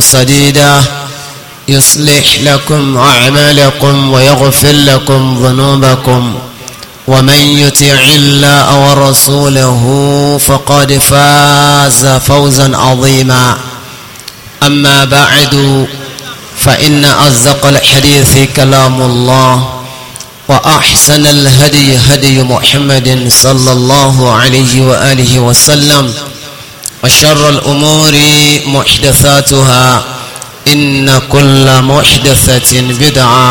سديدا يصلح لكم أعمالكم ويغفر لكم ذنوبكم ومن يطع الله ورسوله فقد فاز فوزا عظيما أما بعد فإن أصدق الحديث كلام الله وأحسن الهدي هدي محمد صلى الله عليه وآله وسلم وشر الأمور محدثاتها إن كل محدثة بدعة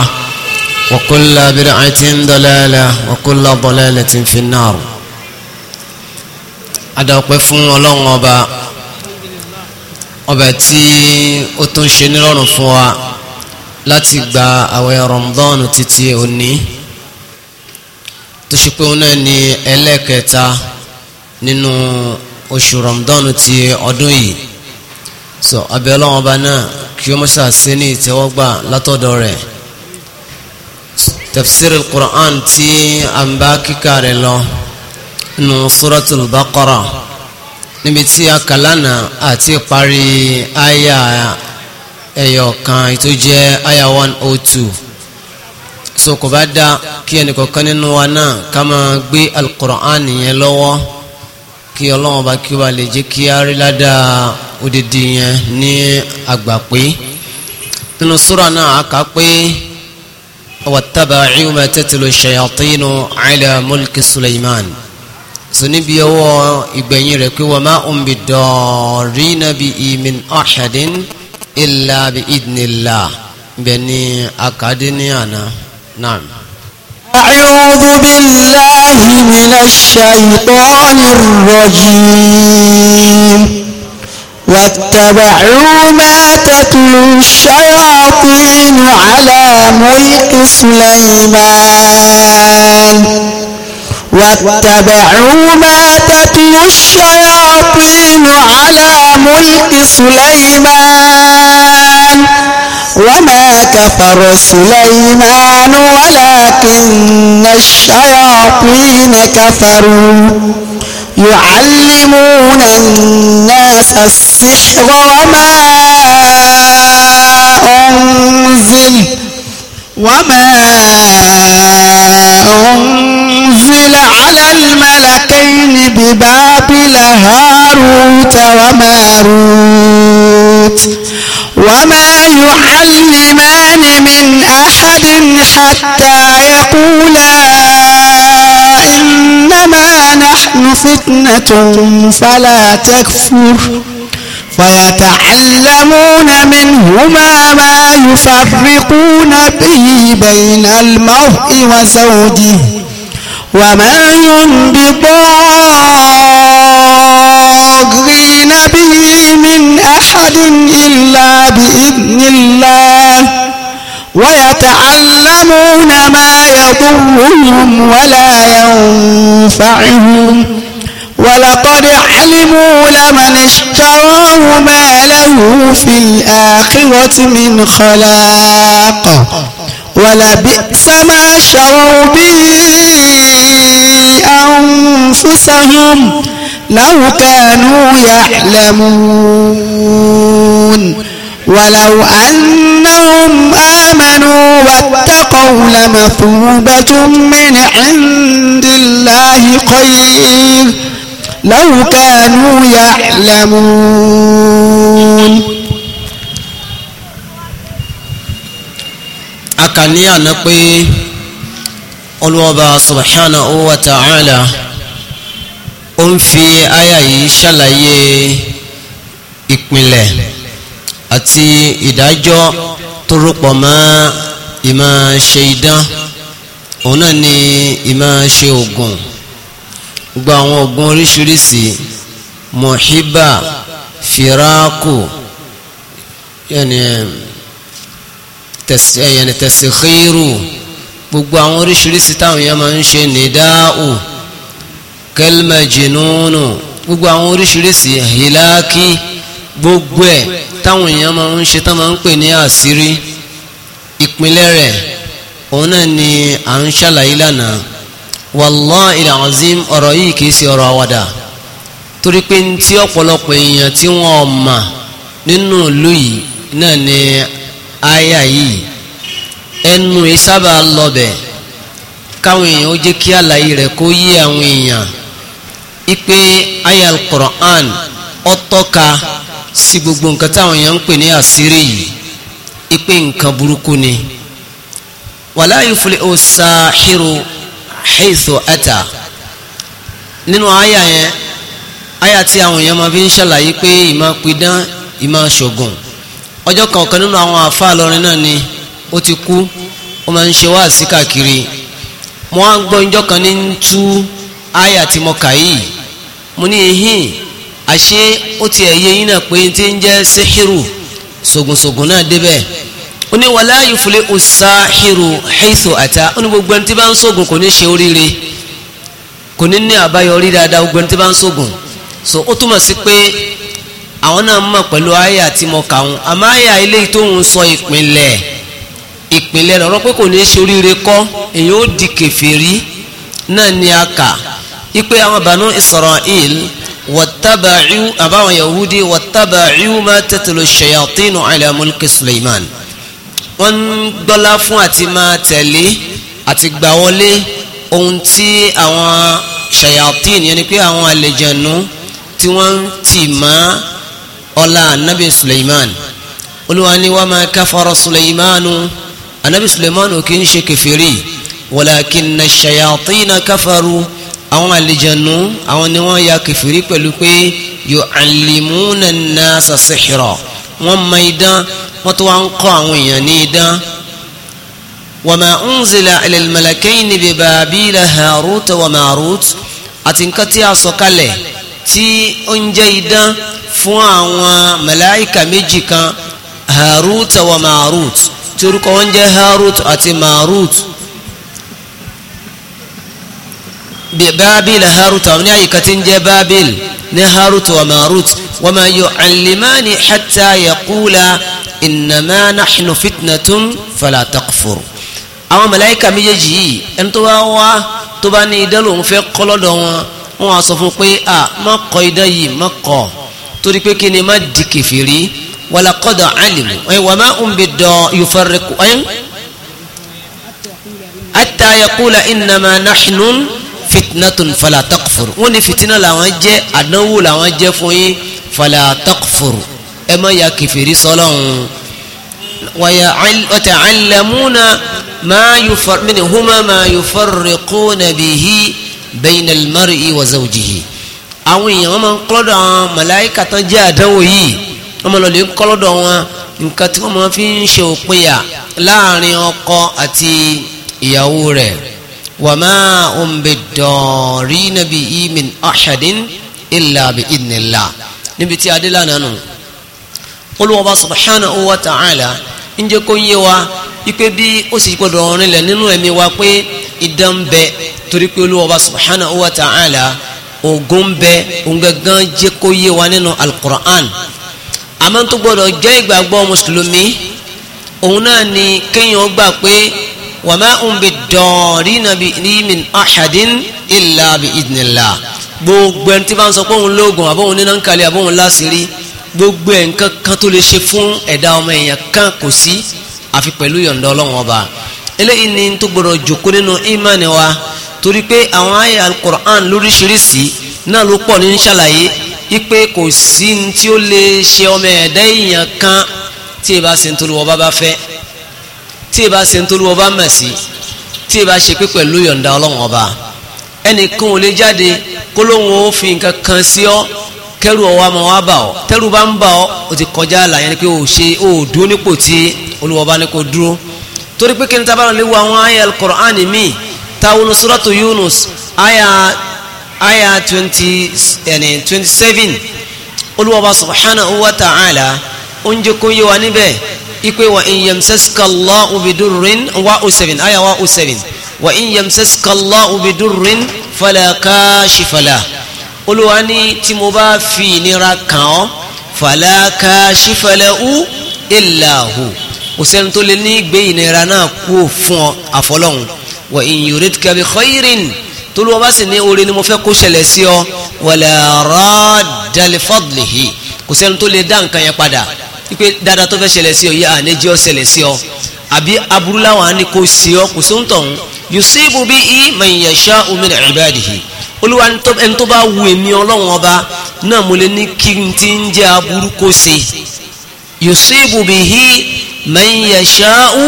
وكل بدعة ضلالة وكل ضلالة في النار adàpẹ́fún ọlọ́run ọba ọba tí ó tún ṣe nírọ̀rùn fún wa láti gba àwẹ̀ Ramadan títí òní tó ṣe pé òun náà ni ẹlẹ́ẹ̀kẹta nínú oṣù rọmdọ́nù ti ọdún yìí so abẹ́ ọlọ́wọ́n ọba náà kí ó mọ́ṣá sí ní ìtẹ́wọ́gbà látọ̀dọ̀ rẹ̀ tafsir al-Qur'an tí a ń bá kíkà rẹ̀ lọ nù suratul Baqara níbi tí a kà lánàá àti parí àyà ẹ̀yọ̀ kan tó jẹ́ àyà one oh two so kò bá dá kí ẹnìkọ̀ọ̀kan nínú wa náà ká máa gbé al-Qur'an yẹn lọ́wọ́ kí ọlọ́run ọba kí ó ba lè jẹ́ kí á rí ládàá odidi yẹn ní àgbà pé nínú súra náà a kà pé wattaba'u ma tatlu shayatinu ala mulki Sulaiman sọ níbi ọwọ́ ìgbẹ̀yìn rẹ̀ pé wa ma hum bidarrina bihi min ahadin illa bi idhnillah bẹ́ẹ̀ ni akadé ní àná náà. أعوذ بالله من الشيطان الرجيم واتبعوا ما تتلو الشياطين على ملك سليمان واتبعوا ما تتلو الشياطين على ملك سليمان وما كفر سليمان ولكن الشياطين كفروا يعلمون الناس السحر وما أنزل وما أنزل على الملكين ببابل هاروت وماروت وما يعلمان من أحد حتى يقولا إنما نحن فتنة فلا تكفر فيتعلمون منهما ما يفرقون به بين المرء وزوجه وما ينبطان يستغنين به من أحد إلا بإذن الله ويتعلمون ما يضرهم ولا ينفعهم ولقد علموا لمن اشتراه ما له في الآخرة من خلاق ولبئس ما شروا به أنفسهم لو كانوا يعلمون ولو أنهم آمنوا واتقوا لمثوبة من عند الله خير لو كانوا يعلمون أكني أنا قي قل سبحانه وتعالى ó ń fi àyà yìí ṣàlàyé ìpìlẹ̀ àti ìdájọ́ tó rúpọ̀ mọ́ ìmọ̀ ṣe idán òun náà ni ìmọ̀ ṣe oògùn gbogbo àwọn oògùn oríṣiríṣi mọ̀híbà fìràkù yẹni tẹ̀síkírù gbogbo àwọn oríṣiríṣi táwọn èèyàn máa ń ṣe nìdáhù. kẹlmẹjìnúnù gbogbo àwọn oríṣiríṣi hìláàkì gbogbo ẹ̀ táwọn èèyàn máa ń ṣe táwọn máa ń pè ní àṣírí ìpínlẹ̀ rẹ̀ òun náà ni à ń ṣàlàyé lánàá wallahi alazim ọrọ yìí kìí ṣe ọrọ àwàdà torí pé ní tí ọ̀pọ̀lọpọ̀ èèyàn tí wọ́n mà nínú ìlú yìí náà ni aya yìí ẹnu ìsábà lọbẹ̀ káwọn èèyàn ó kí àlàyé kó àwọn èèyàn ipe aya al-Qur'an ó tọ́ka sí gbogbo nǹkan táwọn èèyàn ń pè ní àṣírí yìí ipe nǹkan burúkú ni wala yuflihu as-sahiru haythu ata nínú aya yẹn aya tí àwọn èèyàn máa fi ń ṣàlàyé pé ìmọ̀ pidán ìmọ̀ ṣògùn ọjọ́ kan ọ̀kan nínú àwọn àfa àlọ́rin náà ni ó ti kú ó máa ń ṣe wáàsí káàkiri mo á gbọ́ ìjọ kan ní tú aya tí mo kà yìí mo ní ehin àṣé ó ti ẹ̀yẹ yín náà pé ti ń jẹ́ síhìrù ṣògùnṣògùn náà débẹ̀ ó ní wàlá yufule ọ̀sáhìrù haythu ata ó ní gbogbo ẹni tí bá ń ṣògùn kò ní ṣe oríire kò ní ní àbáyọrí dáadáa gbogbo ẹni tí bá ń ṣògùn so ó túmọ̀ sí pé àwọn náà mọ̀ pẹ̀lú àyà tí mo kà àmọ́ àyà eléyìí tó ń sọ ìpínlẹ̀ ìpínlẹ̀ rẹ̀ pé kò ní ṣe oríire kọ́ èyí ó di kèfèrí náà ni a ipe àwọn banu israel wàtàbàcú àbáwọn yahudi wàtàbàcú máa tẹ̀tẹ̀lọ ṣayàtínú ala mulki suleiman wọ́n ń gbọ́lá fún àti máa tẹ̀lé àti gbà wọlé ohun tí àwọn ṣayàtín yẹn ni pé àwọn àlejànú tí wọ́n ń tì mọ́ ọlá anabi suleiman olúwa ni wọ́n máa káfọ́rọ́ suleimanu anabi suleiman kì í ṣe kẹfìrí wàlákin na ṣayàtín na káfọ́rọ́ àwọn àlejànú àwọn ni wọ́n ya kẹfìrí pẹ̀lú pé yu'allimuna an-nasa sihra wọ́n mọ idán wọ́n tó wá ń kọ́ àwọn èèyàn ní idán wa ma unzila ala al-malakayni bi babila haruta wa marut àti nǹkan tí a sọ kalẹ̀ tí ó ń jẹ́ idán fún àwọn màláìkà méjì kan haruta wa marut tí orúkọ wọn jẹ́ harut àti marut. ببابل هاروت أغنائك تنجى بابل نهاروت وماروت وما يعلمان حتى يقولا إنما نحن فتنة فلا تقفر أو ملايكة ميجي أنت وهو تباني دلو مفقل دوما وعصفو قي آه، ما قيدي ما قا تريكو كيني ما ديكفيري ولقد علم وما أمبدا يفرق أين حتى يقول إنما نحن fitnatun fala takfur wọ́n ní fitina làwọn jẹ́ àdánwò làwọn jẹ́ fún yín fala takfur ẹ má ya kẹfìrí sọlọ́hún wàyà ọ̀tà àlàmúnà minhuma ma yufarriquna bihi bayna al-mar'i wa zawjihi àwọn èèyàn wọn máa ń kọ́lọ́dọ̀ àwọn màláìkà tán jẹ́ àdánwò yìí wọ́n máa lọ lè ń kọ́lọ́dọ̀ wọn nǹkan tí wọ́n máa fi ń ṣe òpinya láàrin ọkọ àti ìyàwó rẹ̀. وما هم بالدارين به من أحد إلا بإذن الله نبتي عدلا نانو قل وبا سبحانه وتعالى ń jẹ́ kó yé wa ipe bí ó sì gbọdọ̀ ọ̀rin lẹ̀ nínú ẹ̀mí wa pé idán ń bẹ torí pé Olúwa Ọba subhanahu wa ogun bẹ òun jẹ́ kó yé wa nínú al àmọ́ tó gbọdọ̀ jẹ́ ìgbàgbọ́ mùsùlùmí òun náà ni kéèyàn gbà pé wa ma hum biddarina bihi min ahadin illa bi idhnillah gbogbo ẹni tí bá ń sọ pé òun lóògùn àbóhun nínú ń kalẹ̀ àbóhun láṣìírí gbogbo ẹ̀ nǹkan kan tó lè ṣe fún ẹ̀dá ọmọ èèyàn kan kò sí àfi pẹ̀lú yọ̀ǹda ọlọ́run ọba eléyìí ni tó gbọdọ̀ jòkó nínú ìmánì wa torí pé àwọn àyà alukur'an lóríṣiríṣi náà ló pọ̀ ní ṣàlàyé ipe kò sí ní tí ó lè ṣe ọmọ ẹ̀dá èèyàn kan tí ì bá ṣe bá bá fẹ́ tí ì bá ṣe ń tolú ọba mẹ̀ sí tí ì bá ṣe pé pẹ̀lú yọ̀ǹda ọlọ́run ọba ẹnìkan ò lè jáde kó lóun ó fi nǹkan kan sí ọ kẹrù ọwọ́ àmọ́ wa bà ọ tẹrù bá ń bà ọ o ti kọjá àlà yẹn ni pé o ṣe o dúró nípò tí Olúwa bá ní kó dúró torí pé kí ni lè wo àwọn àyà al-Qur'an mi táwọn suratu Yunus àyà àyà twenty ẹni twenty seven Olúwa subhanahu wa ta'ala oúnjẹ kò yé wa níbẹ̀ ipe wa in yamsaska Allahu bidurrin wa useven aya wa useven wa in yamsaska Allahu bidurrin fala kashifa lahu olúwa ní tí mo bá fi ìnira kàn ọ́ fala kashifa lahu illa hu òsèlú tó lè ní gbé ìnira náà kú fún ọ àfọlọ́hún wa in yuridka bi khairin tolúwa bá sì ní oore ni mo fẹ́ kó ṣẹlẹ̀ sí ọ wala radda li fadlihi tó lè dá nǹkan yẹn padà wípé dáadáa tó fẹ́ ṣẹlẹ̀ sí ọ yìí àní jẹ́ ọ ṣẹlẹ̀ sí ọ àbí aburú láwọn àní kò sí ọ kò sóhun tọ̀hún yusibu bí i man yasha'u min ibadihi olúwa ẹni tó bá wu èmi ọlọ́run ọba náà mo lè ní kí n ti ń jẹ́ aburú kò sí yusibu bí i man yasha'u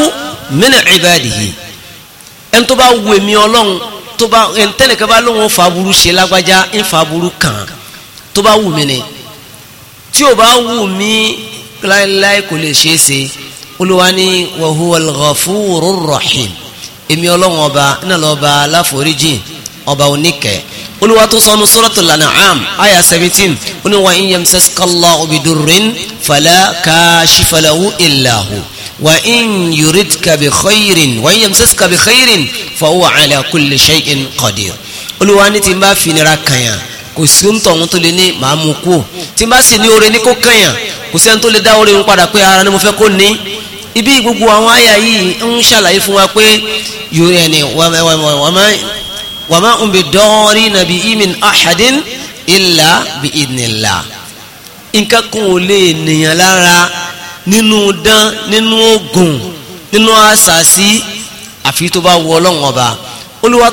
min ibadihi ẹni tó bá wu èmi ọlọ́run tó bá ẹni bá lóun fa aburú ṣe lágbájá ń fa aburú kàn tó bá wù mí ni tí o bá wù mí láéláé kò lè ṣeé ṣe olúwa ní wa huwal ghafurur rahim èmi ọlọ́run ọba náà lọ́ba aláforíjì ọba oníkẹ́ olúwa tó sọnu suratul an'am àyà seventeen ó ní wa in yamsaskallahu bidurrin fala kashifa lahu illa hu wa in yuridka bi khairin wa in yamsaska bi khairin ti bá finira kàn yàn kò sí ń tọ̀hún tó lè ní màá mú kú ò tí n bá sì ní oore ní kó kẹ̀yàn kò sẹ́ni tó lè dá oore ń padà pé ara ni mo fẹ́ kó ní ibi gbogbo àwọn àyà yìí ń ṣàlàyé fún wa pé yorùbá ni wàmá ń bẹ dọ́ọ́rí nàbí imin ahadin illa bi idnilá nǹkan kan ò lè nìyàn lára nínú dán nínú oògùn nínú àṣàṣì àfi tó bá wọ ọlọ́run ọba olúwa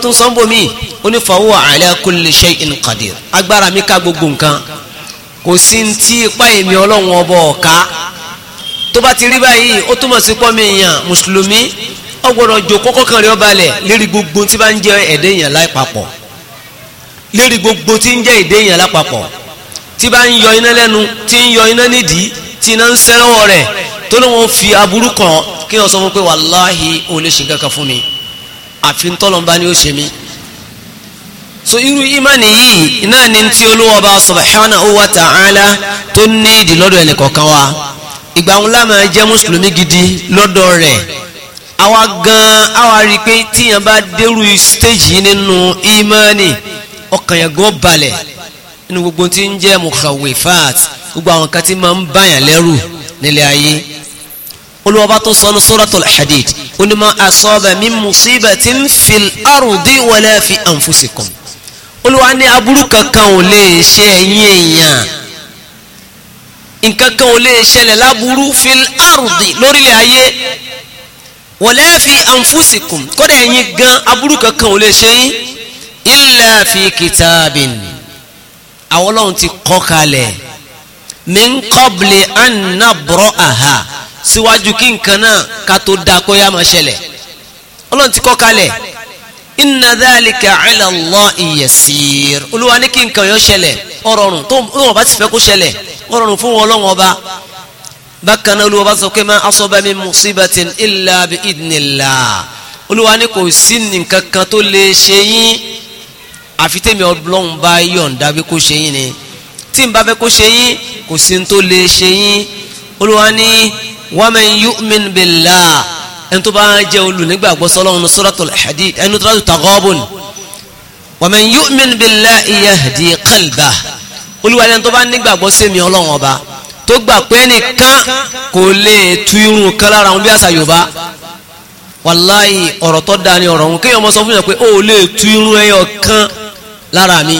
ó ní fa huwa ala kulli shay'in qadir agbára mi ká gbogbo nǹkan kò sí ní tí ipá èmi ọlọ́run ọba ọ̀ka tó bá ti rí báyìí ó túmọ̀ sí pọ́nmi èèyàn mùsùlùmí ó gbọ́dọ̀ jò kọ́kọ́ kan rí ọba lẹ̀ lérí gbogbo tí bá ń jẹ́ ẹ̀dẹ́ èèyàn lápapọ̀ lérí gbogbo tí ń jẹ́ ẹ̀dẹ́ èèyàn lápapọ̀ tí bá ń yọ iná lẹ́nu tí ń yọ iná nídìí tí iná ń sẹ́lọ́wọ́ rẹ̀ tó ní wọ́n fi aburú kan kí wọ́n sọ fún pé wàláhì ó lè ṣe kankan fún mi àfi ń tọ́lọ́mbá ni ó ṣe mí so irú ìmánì yìí iná ni tí olúwa bá subhanahu wa ta'ala tó ní ìdí lọ́dọ̀ ẹnì kọ̀ọ̀kan wa ìgbà wọn lámà jẹ́ mùsùlùmí gidi lọ́dọ̀ rẹ̀ àwa gan àwa rí pé tíyan bá dérú stéèjì nínú ìmánì ọkàn yẹn gan balẹ̀ nínú gbogbo tí ń jẹ́ mukhawifat gbogbo àwọn kan tí máa ń báyàn lẹ́rù nílé ayé olúwa bá tó sọnù suratul hadid ó ní ma asaba min musibatin fil ardi wala fi anfusikum olúwa ní aburú kankan ò lè ṣe ẹ̀yin èèyàn nǹkan kan ò lè ṣẹlẹ̀ láburú fil ardi lórílẹ̀ ayé wala fi anfusikum kódà ẹ̀yin gan aburú kankan ò lè ṣe yín illa fi kitabin àwọn ti kọ́ kalẹ̀ min qabli an nabra'aha síwájú kí nǹkan náà ká tó máa ṣẹlẹ̀ ọlọ́run ti kọ́ kalẹ̀ inna dhalika ala Allahi yasir olúwa ní kí nǹkan yọ ṣẹlẹ̀ ọ̀rọ̀rùn tó wọ́n bá ti fẹ́ kó ṣẹlẹ̀ ọ̀rọ̀rùn fún wọn lọ́wọ́ ọba bákan náà olúwa bá sọ pé ma asaba min musibatin illa bi idnillah olúwa ní kò sí nǹkan kan tó lè ṣe yín àfi tèmi ọlọ́run bá yọ̀ǹda bí kò ṣe yín ni tí n bá fẹ́ kó ṣe yín kò sí n tó lè ṣe yín olúwa ní wa man yu'min billah ẹni tó bá jẹ́ olùnígbàgbọ́ sọ́lọ́run ní suratul hadid ẹni tó bá tó taghabun wa man yu'min billahi yahdi qalbah olúwa ẹni tó bá nígbàgbọ́ sí mi ọlọ́run ọba tó gbà pé nìkan kò lè tu irun kan lára wọn bí àṣà yorùbá wàláyì ọ̀rọ̀ tó dáa ni ọ̀rọ̀ òun kéèyàn mọ́ sọ fún yàn pé ó lè tu irun ẹyọ kan lára mi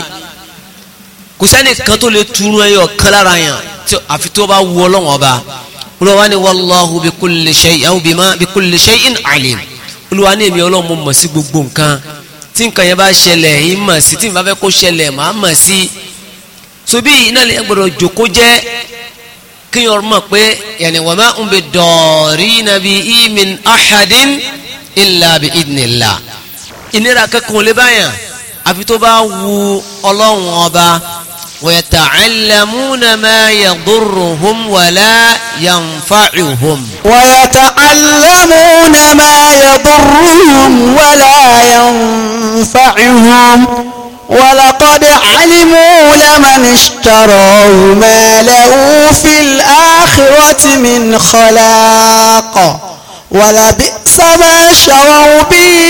kò sẹ́nìkan tó lè tu irun ẹyọ kan lára yàn àfi tó bá wu ọlọ́run ọba olùwà ni wallahu bi kulli shay'in aw bima bi kulli shay'in alim olùwà ni èmi ọlọ́run mo mọ̀ sí gbogbo nǹkan tí nǹkan yẹn bá ṣẹlẹ̀ yìí mọ̀ sí tí n bá fẹ́ kó ṣẹlẹ̀ màá mọ̀ sí sobi iná lè gbọdọ̀ jòkó jẹ́ kí n mọ̀ pé yàní wa ma hum bidarrina bihi min ahadin illa bi idhnillah ìnira kankan lè báyàn àfi tó bá wu ọlọ́run ọba. ويتعلمون ما يضرهم ولا ينفعهم ويتعلمون ما يضرهم ولا ينفعهم ولقد علموا لمن اشتروا ما له في الآخرة من خلاق ولبئس ما شروا به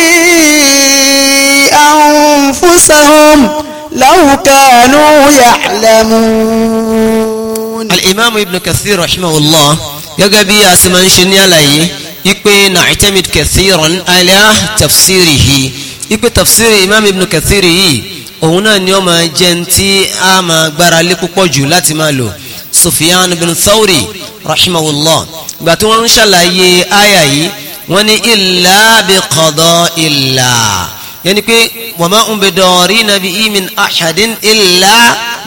أنفسهم لو كانوا يعلمون الإمام ابن كثير رحمه الله يقبي أسمان شنيا لي يقبي نعتمد كثيرا على تفسيره يقبي تفسير إمام ابن كثير òun náà ni ó máa jẹ́ tí a máa gbára lé púpọ̀ jù láti máa lò Sufyan bin Thawri rahimahullah ìgbà tí wọ́n ń ṣàlàyé àyà yìí wọ́n ní illa bi qada'illah yẹni pé wa ma hum bidarina bihi min ahadin illa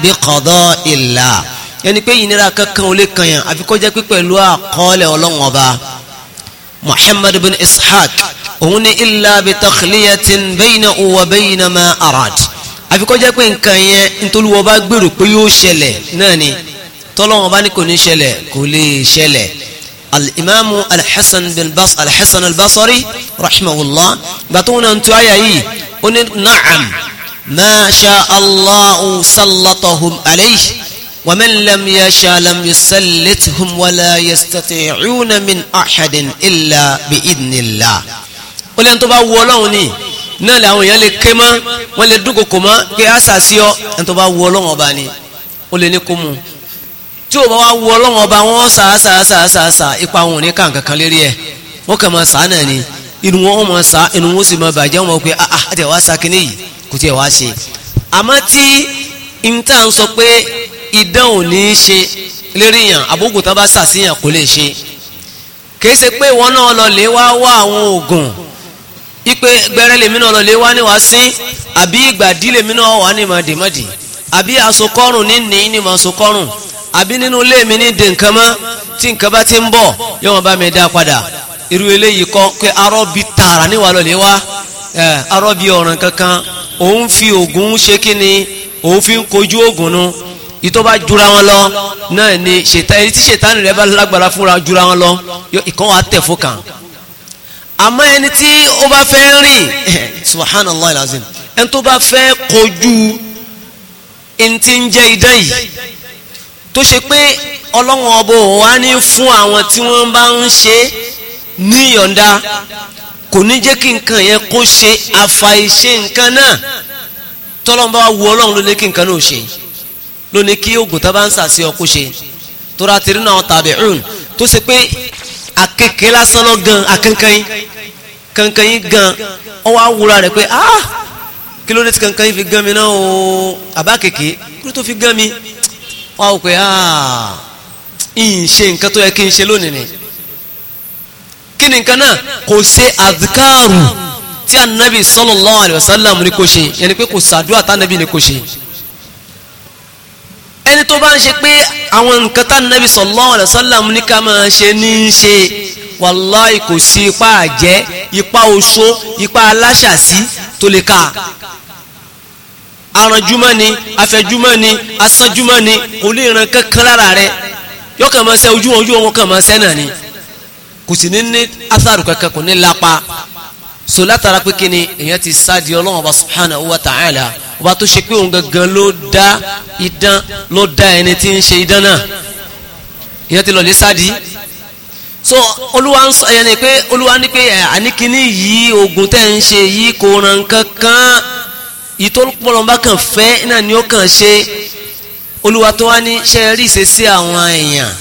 bi qada'illah yẹni pé ìnira kankan ò lè kàn yàn àfi kó jẹ́ pé pẹ̀lú àkọọ́lẹ̀ ọlọ́run ọba muhammad bin ishaq òun ni illa bi takhliyatin baynahu wa bayna ma arad àfi kó jẹ́ pé nǹkan yẹn nítorí gbèrò pé yóò ṣẹlẹ̀ náà ni tọ́lọ́run ọba kò ní ṣẹlẹ̀ kò lè ṣẹlẹ̀ الإمام الحسن بن بص الحسن البصري رحمه الله بطون أنت آية نعم ما شاء الله سلطهم عليه ومن لم يشاء لم يسلطهم ولا يستطيعون من أحد إلا بإذن الله قل أنتو باولوني náà làwọn èèyàn lè ké mọ́ wọ́n lè dúkòkò mọ́ pé àṣà tí o bá wá wu ọlọ́wọ́n ọba wọn sà sà sà sà sà ipa wọn ò ní kàn kankan lérí ẹ wọn kàn máa sà náà ni inú wọn máa sà inú wọn sì máa bàjẹ́ wọn pé ah àti ah, ẹ̀ wá sa kínní yìí kò tí ẹ̀ wá ṣe àmọ́ tí n ta ń sọ pé idán ò ní í ṣe lérí yàn àbógun tó bá sà sí yàn kò lè ṣe kì í ṣe pé wọn náà lọ lè wá wá àwọn oògùn ipe gbẹrẹ lèmi náà lọ lè wá ní sí àbí ìgbàdí lèmi náà wà ní màdìmọ́dì àbí àsokọ́rùn ní àbí nínú ilé mi ní dèǹkan mọ́ tí nǹkan bá ti ń bọ̀ yóò wọn bá mi dá padà irú eléyìí kọ́ pé arọ́bí tààrà níwà lọ́lẹ̀ wá arọ́bí ọ̀ràn kankan òun fi oògùn ṣe kí ni òun fi ń kojú oògùn nu ìtọ́ bá jura wọn lọ náà ni ṣètánì tí ṣètánì rẹ bá lágbára fúnra jura wọn lọ ìkan wà tẹ̀ fún kan àmọ́ ẹni tí ó bá fẹ́ rìn subhanallah ẹni tó bá fẹ́ kojú ẹni tí ń jẹ́ idán yìí tó ṣe pé ọlọ́wọ́n ọbọ wa ní fún àwọn tí wọ́n bá ń ṣe ní yọ̀ǹda kò ní jẹ́ kí nǹkan yẹn kó ṣe àfàìṣe nǹkan náà tọ́lọ́n bá wu ọlọ́run ló ní kí nǹkan náà ṣe ló ní kí oògùn tó bá ń sàṣe ọkọ ṣe tóra ti náà tàbí rún tó ṣe pé akẹ́kẹ́ lásán lọ gan akẹ́kẹ́ yín kankan yín gan ọ wá rẹ̀ pé ah kí ló dé tí kankan yín fi gan mi náà o àbá kèké kí ló tó fi gan mi wọ́n wò pé ah, ń ṣe nǹkan tó yẹ kí n ṣe lónìí ni kí ni nǹkan náà kò ṣe àdìkáàrù tí anabi sallallahu alaihi wasallam ní kò ṣe yẹn ni pé kò sàdúrà tánàbì ní kò ṣe ẹni tó bá ń ṣe pé àwọn nǹkan tánàbì sallallahu alaihi wasallam ní ká máa ṣe ní í ṣe wàláì kò sí ipá àjẹ́ ipá oṣó ipá aláṣàsí tó lè ká aranjúmọ́ ni afẹ́júmọ́ ni asánjúmọ́ ni kò lè ran kankan lára rẹ yóò kàn máa ṣe ojú wọn ojú wọn kàn máa ṣe náà ni kò sì ní ní asaru kankan kò ní lápá so látara pé kíni èèyàn ti sáàdì ọlọ́run ọba subhanahu wa ta'ala ọba tó ṣe pé òun gangan ló dá idán ló dá ẹni tí ń ṣe idán náà èèyàn ti lọ lé sáàdì so olúwa ń sọ ẹyẹ ni pé olúwa ní pé àníkíní yìí oògùn tẹ́ ń ṣe yìí kò ràn kankan yìí tó ń pọlọmọba kan fẹ́ náà ni ó kàn ṣe olúwa tó wá ní ṣe rí ìṣesí àwọn èèyàn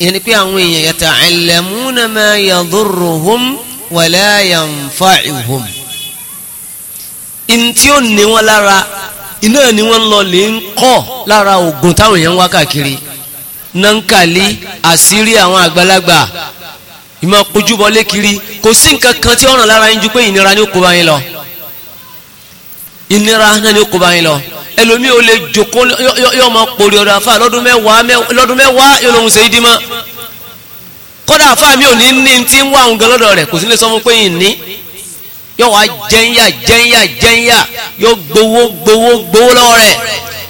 ìyẹn ni pé àwọn èèyàn yata'allamuna ma yadurruhum wala yanfa'uhum in tí ó ní wọn lára iná ni wọ́n lọ lè ń kọ́ lára oògùn táwọn èèyàn ń wá káàkiri nankali àṣírí àwọn àgbàlagbà ìmọ̀ kojúbọlé kiri kò sí nǹkan kan tí ọ̀ràn lára yín ju pé ìnira ni ó kó bá yín lọ ìnira náà ni ó kó bá yín lọ ẹlòmíì ò lè jòkó yóò máa pòrí ọ̀dọ̀ àfa lọ́dún mẹ́wàá lọ́dún mẹ́wàá yóò lóhun ṣe é dí mọ́ kódà àfa mi ò ní ní ti ń wá òun gan lọ́dọ̀ rẹ̀ kò sí lè sọ fún pé yìí ní yóò wá jẹ́ńyà jẹ́ńyà jẹ́ńyà yóò gbowó gbowó gbowó lọ́wọ́ rẹ̀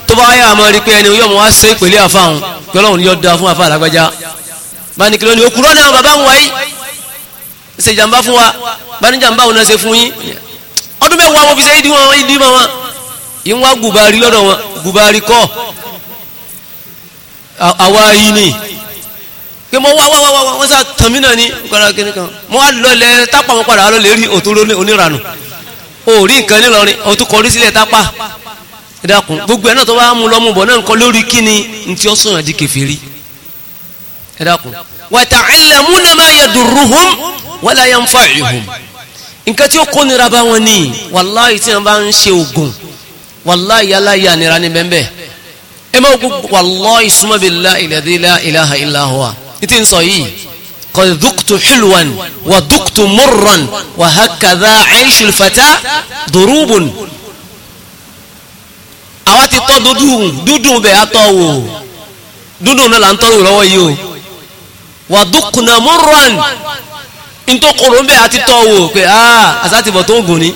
tó bá yà máa rí pé ẹni yóò máa ṣe ìpèlè àfa òun pé ọlọ́run yóò da fún àfa àlágbájá báni kìlọ́ ni òkúrọ́ ni àwọn bàbá ń wáyé ṣèjàmbá fún ọdún mẹ́wàá mo fi ṣe ìdí wọn ìdí mọ́ wọn ìwọ́n gùbárí lọ́dọ̀ wọn gùbárí kọ́ àwa yìí ni pé mo wá wá wá wá wọ́n sá tàmí náà ní gbọ́dọ̀ kí nìkan mo wá lọlẹ̀ tápà wọn padà lọlẹ̀ rí òtúrò oníranù ò rí nǹkan nílọrin òtún kọrí sílẹ̀ tápà ẹ̀dàkùn gbogbo ẹ̀ náà tó bá mú lọ́mú bọ̀ náà nǹkan lórí kí ni ntí ó sùn àdí kèfèrí ẹ̀dàkùn wa ta'allamuna ma yadurruhum wala yanfa'uhum nǹkan tí ó kó nira bá wọn ní wàláyé tí wọn bá ń ṣe oògùn wàláyé aláya nira ní bẹ́ẹ̀ ẹ máa gbogbo wàláyé suma billahi alladhi la ilaha illa huwa títí ń sọ yìí qad dhuqtu hilwan wà dhuqtu murran wà hakadha aishul durubun àwa ti tọ́ dúdùn dúdùn bẹ́ẹ̀ atọ́ wò dúdùn náà là ń tọ́ lọ́wọ́ yìí o wà dhuqna murran tó kòrò ati àti tọ́ wò pé ah àsátìbọ̀ tó ń ni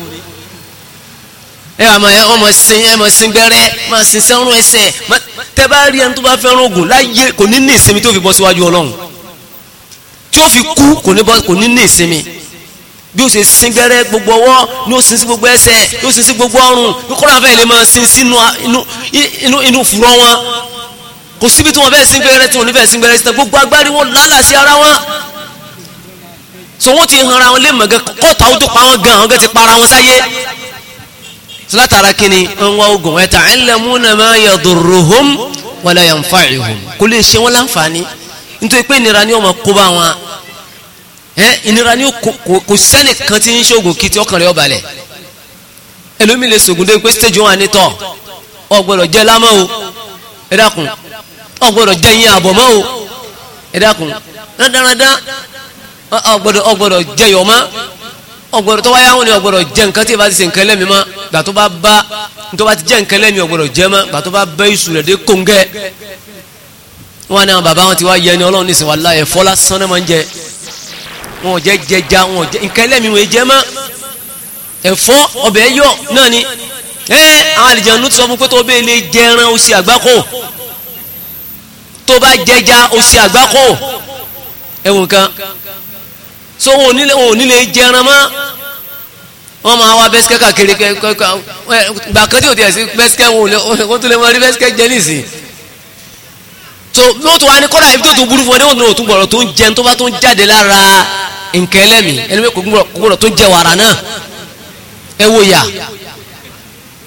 ẹ àmọ́ ẹ ọmọ sin ẹ mọ̀ sin gbẹ́rẹ́ máa sin sẹ́rùn ẹsẹ̀ tẹ bá rí ẹni tó bá fẹ́ràn oògùn láyé kò ní ní ìsinmi tó fi bọ́ síwájú ọlọ́run tí ó fi kú kò ní ní ìsinmi bí ó ṣe sin gbẹ́rẹ́ gbogbo ọwọ́ ni ó sin sí gbogbo ẹsẹ̀ ni ó sin sí gbogbo ọrùn kókóra bẹ́ẹ̀ lè máa sin sínú inú inu fúrọ́ wọn kò síbi tí wọ́n bẹ́ẹ̀ sin gbẹ́rẹ́ tí wọ́n ní bẹ́ẹ̀ sin gbẹ́rẹ́ sí gbogbo agbárí wọn lálàá sí ara wọn so wọ́n ti hanra wọn lé mọ̀gán kọ́ta ó tó pa wọ́n gan àwọn gan ti para wọn sáyé látara kini ọwọ́ ogun ẹ̀ta ẹ̀lẹ́múnà máa yadurruhum wala yanfa'uhum kò lè ṣe wọ́n láǹfààní nítorí pé ìnira ni ó máa kó bá wọn ẹ ìnira ni kò sẹ́nì kan tí ń ṣoògùn kí tí ọkàn rẹ̀ ó balẹ̀ lè ṣoògùn dé pé stage one ni tọ́ ọ gbọ́dọ̀ jẹ́ lámọ́ o ẹ dákun ọ gbọ́dọ̀ jẹ́ yín àbọ̀mọ́ o ẹ dákun rádaràdá ọgbọ́dọ̀ ọgbọ́dọ̀ jẹyọ̀ mọ́ ọgbọ́dọ̀ tó wáyé àwọn ni ọgbọ́dọ̀ jẹ nǹkan tí ì bá ti ṣe nǹkan lẹ́mìí mọ́ gbà tó bá bá tó bá ti jẹ nǹkan lẹ́mìí ọgbọ́dọ̀ jẹ mọ́ gbà bá bẹ́ iṣu rẹ̀ dé kóńgẹ́ wọn ni àwọn bàbá wọn ti wá yẹni ọlọ́run ní ìsìnwá láyẹ̀ fọ́lá sánná máa ń jẹ wọn ò jẹ jẹja wọn ò jẹ nǹkan lẹ́mìí wọn jẹ mọ́ ẹ̀fọ́ ọbẹ̀ yọ náà ni ẹ àwọn àlìjẹun ti sọ fún pé tó bẹ́ẹ̀ lè jẹ ẹran ó ṣe àgbákò tó bá jẹja ó ṣe àgbákò ẹ̀wọ̀n kan so wọn ò nílé wọn ò nílé jẹran mọ́ wọ́n máa wá bẹ́sikẹ́ kàkiri gbà kan tí o tiẹ̀ sí bẹ́sikẹ́ wọn ò lè wọ́n tún lè máa rí bẹ́sikẹ́ jẹ nísìn so wọ́n tún wá ní kọ́dà ibi tó tún burú fún ẹ ní òtún gbọ̀rọ̀ tó ń jẹun tó bá tó ń jáde lára nǹkan ẹlẹ́mìí ẹni pé kò gbọ̀rọ̀ tó ń jẹ wàrà náà ẹ wo yà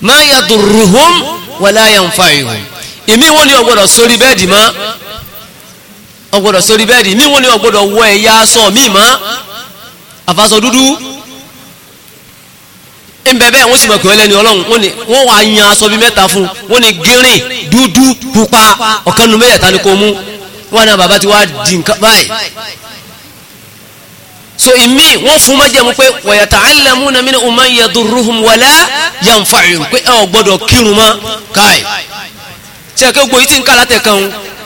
ma yadurruhum wala yanfa'uhum èmi wọn ni ọgbọ́dọ̀ sórí bẹ́ẹ̀dì mọ́ ọgbọ́dọ̀ sórí bẹ́ẹ̀dì mímú ni ọgbọ́dọ̀ wọ ẹ̀yà aṣọ míì mọ́ àfàṣọ dúdú ńbẹ bẹ́ẹ̀ wọ́n sì mọ̀ pé wọ́n lẹ́nu ọlọ́run wọ́n ni wọ́n wà yan aṣọ bíi mẹ́ta fún wọ́n ni gírìn dúdú pupa ọ̀kan nu mẹ́yẹ̀ta ni kò mú wọ́n náà bàbá ti wá di nǹkan báyìí so ìmí wọ́n fún májẹ̀mú pé wa yata'allamuna minhu ma yadurruhum wala yanfa'uhum pé ẹ ò gbọ́dọ̀ kírun mọ́ káì tí a kẹ́ gbogbo yìí ti ń kà látẹ̀kan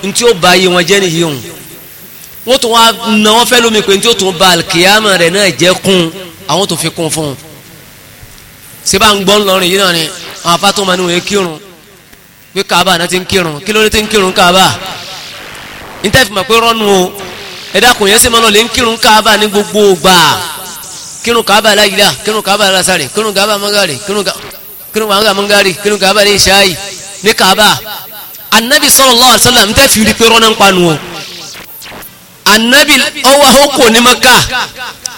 ohun tí ó bá yé wọn jẹ́ nìyí ohun wọ́n tún wá na wọ́n fẹ́ lómi pé tí ó tún ba alikiyama rẹ̀ náà jẹ́ kún àwọn tó fi kún fún un seba ń gbọ́ ńlọrin yìí náà ni àwọn afátó ma ni wọ́n kírun pé kaaba náà ti ń kírun kí ló ní ti ń kírun kaaba níta ìfìmọ̀ pé rọ́nu o ẹ̀dá kò yẹn sì máa lọ lè ń kírun kaaba ní gbogbo gbà kírun kaaba aláyílá kírun kaaba alásàrè kírun kaaba mangari kírun kaaba mangari kírun kaaba ní ìṣááyì ní kaaba anabi sallallahu alaihi wasallam níta ìfìmọ̀ pé rọ́nu ń panu o anabi ọwọ́ ọkọ̀ ní maka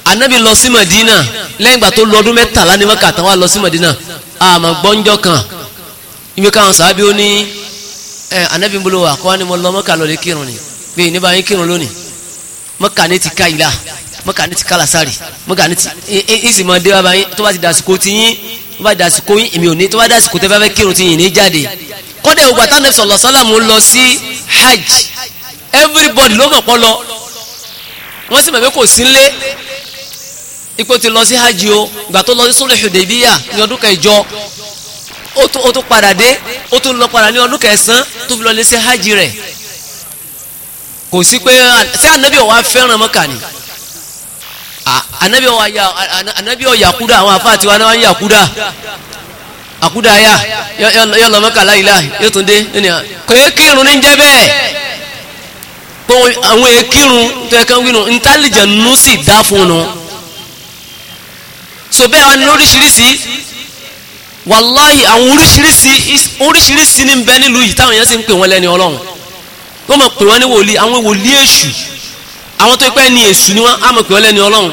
anabi lọ sí madina lẹ́yìn ìgbà tó lọ́dún mẹ́tàlá ní maka àtàwọn lọ sí madina àmọ́ gbọ́njọ́ kan ibi káwọn sàábí ó ní ẹ anabi ń bolo wà kọ́ ni mo lọ maka lọ lè kírun ni pé ní báyìí kírun lónìí maka ní ti ká ìlà maka ní ti ká lasari maka ní ti ìsì mọ dé wá báyìí tó bá ti dasìkò ti yín tó bá dasìkò yín èmi ò ní tó bá dasìkò tẹ́ fẹ́ kírun ti yín ní jáde kọ́dà ìgbà táwọn ẹ̀ sálàmù lọ sí hajj everybody ló mọ̀ pọ́ lọ wọ́n sì mọ̀ pé kò sí nlé ipò ti lọ sí hajj o ìgbà tó lọ sí sólè Hudaybiya ní ọdún kẹjọ ó tún padà dé ó tún lọ padà ní ọdún kẹsàn-án tó fi lọ lé sí hajj rẹ̀ kò sí pé ṣé anabi ọ̀wá fẹ́ràn mọ́kà ni anabi ọ̀ yakuda àwọn afa àti wọn yakuda akuda ya yọ lọ mọ́kà láyìí láyìí yóò tún dé kò yẹ kírun ní jẹ́ bẹ́ẹ̀ pé àwọn ekírun tó ẹ̀kan wínú ntálìjẹ̀ nù sì dá fún un so bẹ́ẹ̀ wá ní oríṣiríṣi wàláhì àwọn oríṣiríṣi oríṣiríṣi ní bẹ nílùú yìí táwọn èèyàn sì ń pè wọ́n lẹ́ni ọlọ́run wọ́n mọ̀ pè wọ́n ní wòlíì àwọn wòlíì èṣù àwọn tó pẹ́ ní èṣù ni wọ́n á mọ̀ pè wọ́n lẹ́ni ọlọ́run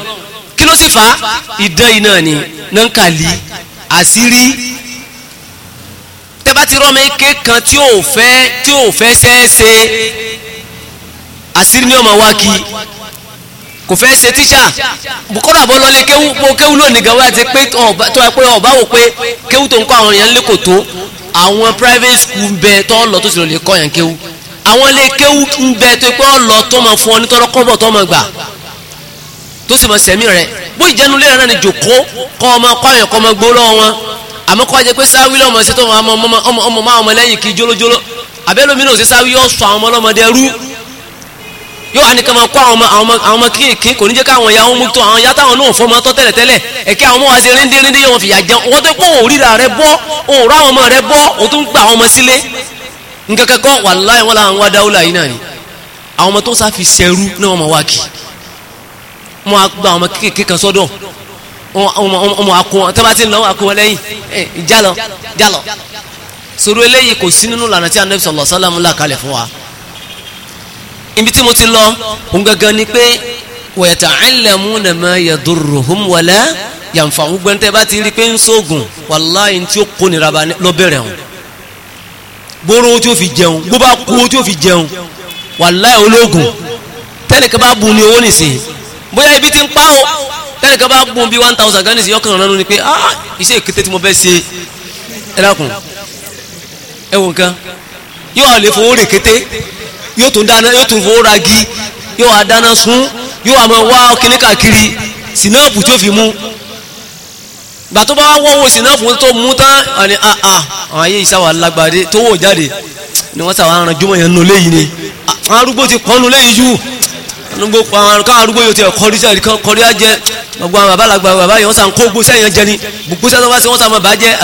kí ló sì fa ìdán yìí náà ni nankali àṣírí tẹ́bá ti rọ́mọ ike kan tí ò fẹ́ tí ò fẹ́ sẹ́ẹ́ se àṣírí ni ọmọ wa kí kò fẹ́ ṣe tíṣà kọ́dà bọ́ lọ́lé kéwú mo kéwú lónìí gan wáyé ti pé tó ẹ pé ọba wò pé kéwú tó ń kọ́ àwọn èèyàn lé kò tó àwọn private school ń bẹ tó ń lọ tó sì lọ lè kọ́ yẹn kéwú àwọn ilé kéwú ń bẹ tó pé ọ̀lọ́ tó máa fún ọ nítorọ́ kọ́bọ̀ tó máa gbà tó sì máa sẹ̀mí rẹ̀ bó ìjẹnu lé rẹ̀ ni jòkó kọ́ ọmọ kọ́ yẹn kọ́ ọmọ gbó lọ́wọ́ wọn àmọ́ kọ́ jẹ́ pé sáwí lọ́mọ sí tó ọmọ máa ọmọ lẹ́yìn kí jólójóló àbẹ́lómi náà ò sí sáwí ọ̀ yóò wá nìkan máa kó àwọn ọmọ àwọn ọmọ kéèké kò ní jẹ́ káwọn ìyá wọn mú tó àwọn ìyá táwọn náà fọmọ tọ́ tẹ́lẹ̀ tẹ́lẹ̀ ẹ̀kẹ́ àwọn ọmọ wa ṣe réńdé réńdé yóò wọn fìyà jẹun wọ́n tó pọ̀ òun ríra rẹ bọ́ òun rá àwọn ọmọ rẹ bọ́ òun tó ń gba àwọn ọmọ sílé nǹkan kankan wà láì wọ́n láwọn wá dáwọ́lá yìí náà ni àwọn ọmọ tó ń sáfi ṣẹrú náà wọ́n wá kì mọ́ a gba àwọn kéèké kan sọ́dọ̀ ibi tí mo ti lọ òun gangan ni pé wayata'allamuna ma yadurruhum wala yanfa'uhum gbẹ́ntẹ́ bá ti rí pé ń sóògùn wàláhì tí ó kó nira bá lọ́bẹ̀rẹ̀ hàn gbóró tí ó fi jẹun gbó bá kú tí ó fi jẹun wàláhì ológun tẹ́nìkan bá bu ni owó nìsín bóyá ibi ti ń pa o tẹ́nìkan bá bu bí one thousand gan nìsín yọkàn ránú ni pé ah iṣẹ́ ìkété tí mo fẹ́ ṣe ẹ dákun ẹ wò nǹkan yóò lè fowó rè kété yóò tún dáná yóò tún fowó ragi yóò wá dáná sun yóò wá máa wá kíní káàkiri sinapu tí ó fi mú gbà tó bá wá wọ́wọ́ sinapu tó mú tán àní àà ah, ah, àwọn ayé ìsáwà lágbàdé tó wò jáde ni wọ́n sàwọn aràn jùmọ̀ yẹn nù léyìn ni àwọn arúgbó ti pọ́nù léyìn jù arúgbó káwọn arúgbó yóò ti kọrí sẹ́yìn kan kọrí ajẹ́ gbogbo àwọn bàbá làgbà bàbá sàn kó gbó sẹ́yìn jẹ gbogbo sẹ́yìn tó bá sí wọ́n sàn máa bàjẹ́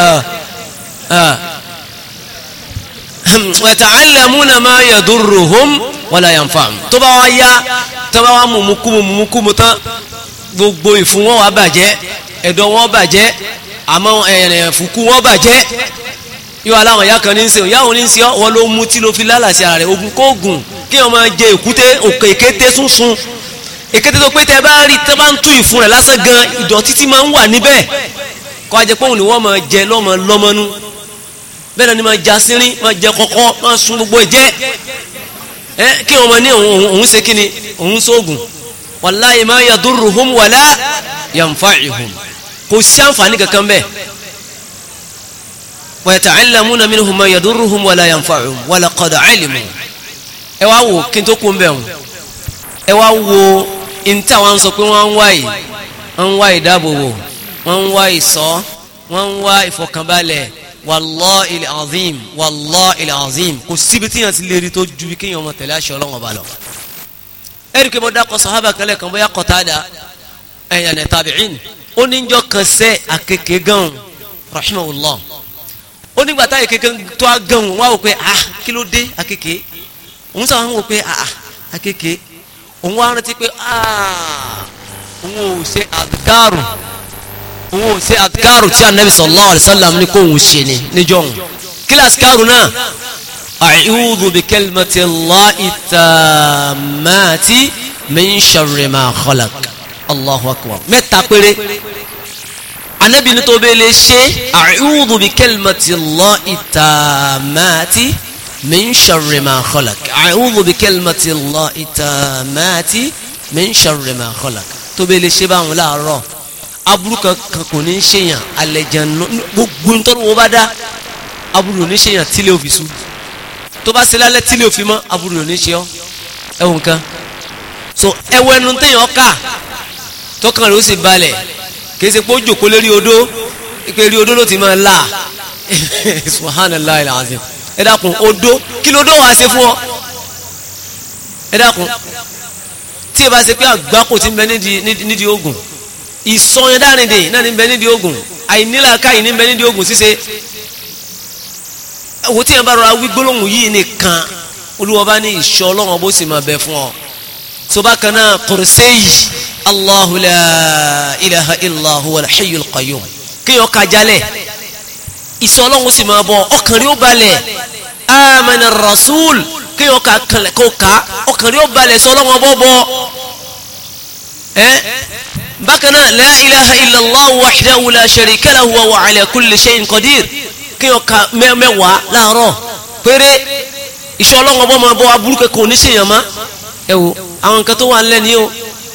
yata'allamuna ما يضرهم ولا yanfa'uhum tó bá wá yá tó bá wá mùmùkúmu mùmùkúmu tán gbogbo ìfun wọn wá bàjẹ́ ẹ̀dọ̀ wọn bàjẹ́ àmọ́ ẹ̀rẹ̀ eh, fùkú wọn bàjẹ́ yóò aláwọn ìyá kan ní í ṣe ìyá òun ní í ṣe wọn ló mú tí ló fi lálàsì ara rẹ̀ ogun kóògùn kí wọn máa jẹ èkúté òkè èkété sunsun èkété tó pé tẹ bá rí tẹ bá ń tú ìfun rẹ̀ lásán gan ìdọ̀tí tí máa ń wà níbẹ̀ kọ́ ajẹ́ òun ni wọ́n máa jẹ lọ́mọ lọ́mọnú bẹ́ẹ̀ náà ni máa já sírín máa jẹ kọ́kọ́ máa sun gbogbo ìjẹ́ ẹ kí wọ́n máa ní òun ṣe kíni òun sóògùn wallahi ma yadurruhum wala yanfa'uhum kò sí àǹfààní kankan bẹ́ẹ̀ wa yata'allamuna minhum ma yadurruhum wala yanfa'uhum wala qad 'alimu ẹ wá wò kí n tó kú ń bẹ̀ wọn ẹ wá wo ìntí àwọn sọ pé wọ́n ń wá wọ́n ń wá ìdáàbòbò wọ́n ń wá ìṣọ́ wọ́n ń wá ìfọ̀kànbalẹ̀ wallahi alazim wallahi alazim kò síbi tí yàn ti lè rí tó ju bí kéèyàn ọmọ tẹ̀lé àṣẹ ọlọ́wọ́n ba lọ. ẹ̀rí pé mo dákọ̀ sọ̀hábà kan lẹ́ẹ̀kan bóyá Qatada ẹ̀yàn ẹ̀ tabi'in ó ní jọ kan sẹ́ àkèké gan rahimahullah ó nígbà táyà kéke tó a gan wọn wò pé ah kí ló dé àkèké òun sábà wò pé ah, ah àkèké òun wá rántí pé ah òun ò ṣe àdúgbò wo ṣe adkaru tí anabi sallallahu alayhi wa sallam ní kò ń ṣe ni níjọ́ ń kí lásì kárù náà a'udhu bi kalimati Allahi tammati min sharri ma khalaq allahu akbar mẹ́ta péré anabi ní tó bẹ́ẹ̀ lè ṣe a'udhu bi kalimati Allahi tammati min sharri ma khalaq a'udhu bi kalimati Allahi tammati min sharri ma khalaq tó bẹ́ẹ̀ lè ṣe báwọn láàárọ̀. aburú kankan kò ní í ṣèyàn àlẹjàn gbogbo nítorí wọn bá dá aburú ò ní ṣèyàn tílé òfin sùn tó bá ṣe lálẹ́ tílé òfin mọ́ aburú ò ní ṣe ọ́ ẹ̀wọ̀n kan so ẹwọ ẹnu téèyàn kà tọkàn rẹ ó sì balẹ̀ kì í ṣe pé ó jòkó lórí odó pé rí odó ló ti máa là subhanallah alazim ẹ dákun odó kí ló dó wàá fún ọ ẹ dákun tí ẹ bá ṣe pé àgbákò ti ń bẹ nídìí oògùn ìsọyẹn dárìndè náà ní bẹ nídìí ogun àìnílàáká yìí ní bẹ nídìí ogun ṣíṣe wo tí yẹn bá rọra wí gbólóhùn yìí nìkan olúwa bá ní ìṣọ́ ọlọ́run bó sì máa bẹ fún ọ tó bá kan náà kòrìsẹ́ yìí Allahu la ilaha illahu wa al-hayyul qayyum kéèyàn kájálẹ̀ ìṣọ́ ọlọ́run sì máa bọ̀ ọkàn rí ó balẹ̀ amana rasul kéèyàn ká kó ká ọkàn rí ó balẹ̀ sọ ọlọ́run ọbọ̀ bọ̀ ẹ́ bákan náà la ilaha illallah wahdahu la sharika lahu wa huwa ala kulli shay'in qadir kí wọ́n ka mẹ́wàá láàárọ̀ péré iṣẹ́ ọlọ́wọ́ bọ́ máa bọ́ aburú kẹ́kọ̀ọ́ oníṣèyàn má ẹ wo àwọn nǹkan tó wà ń lẹ́ni o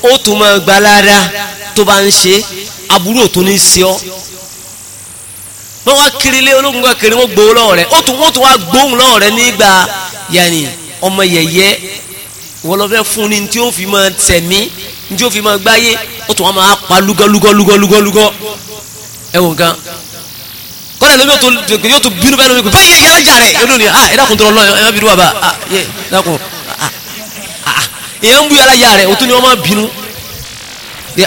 ó máa gba lára tó bá ń ṣe aburú òtún ní ṣe ọ́ wọ́n wá kiri ilé ológun kan kiri wọ́n gbowó lọ́wọ́ rẹ̀ ó tún wọ́n tún wá gbóhùn lọ́wọ́ rẹ̀ nígbà yanni ọmọ yẹ̀yẹ́ wọ́n fún ni tí ó fi máa tẹ̀mí tí ó fi máa gbáyé ó tún wọn máa pa lúgọ́lúgọ́lúgọ́lúgọ́ ẹ̀wọ̀n kan kọ́dà lómi yóò tún bínú bẹ́ẹ̀ lómi pé báyìí yàrá jà rẹ̀ yóò ní ah ẹ̀dá kun tọrọ lọ́yọ̀ ẹ̀má bínú bàbá ah yẹ dákun ah, ah, ah ìyẹn ń bú yàrá yà rẹ̀ òtún ni wọ́n máa bínú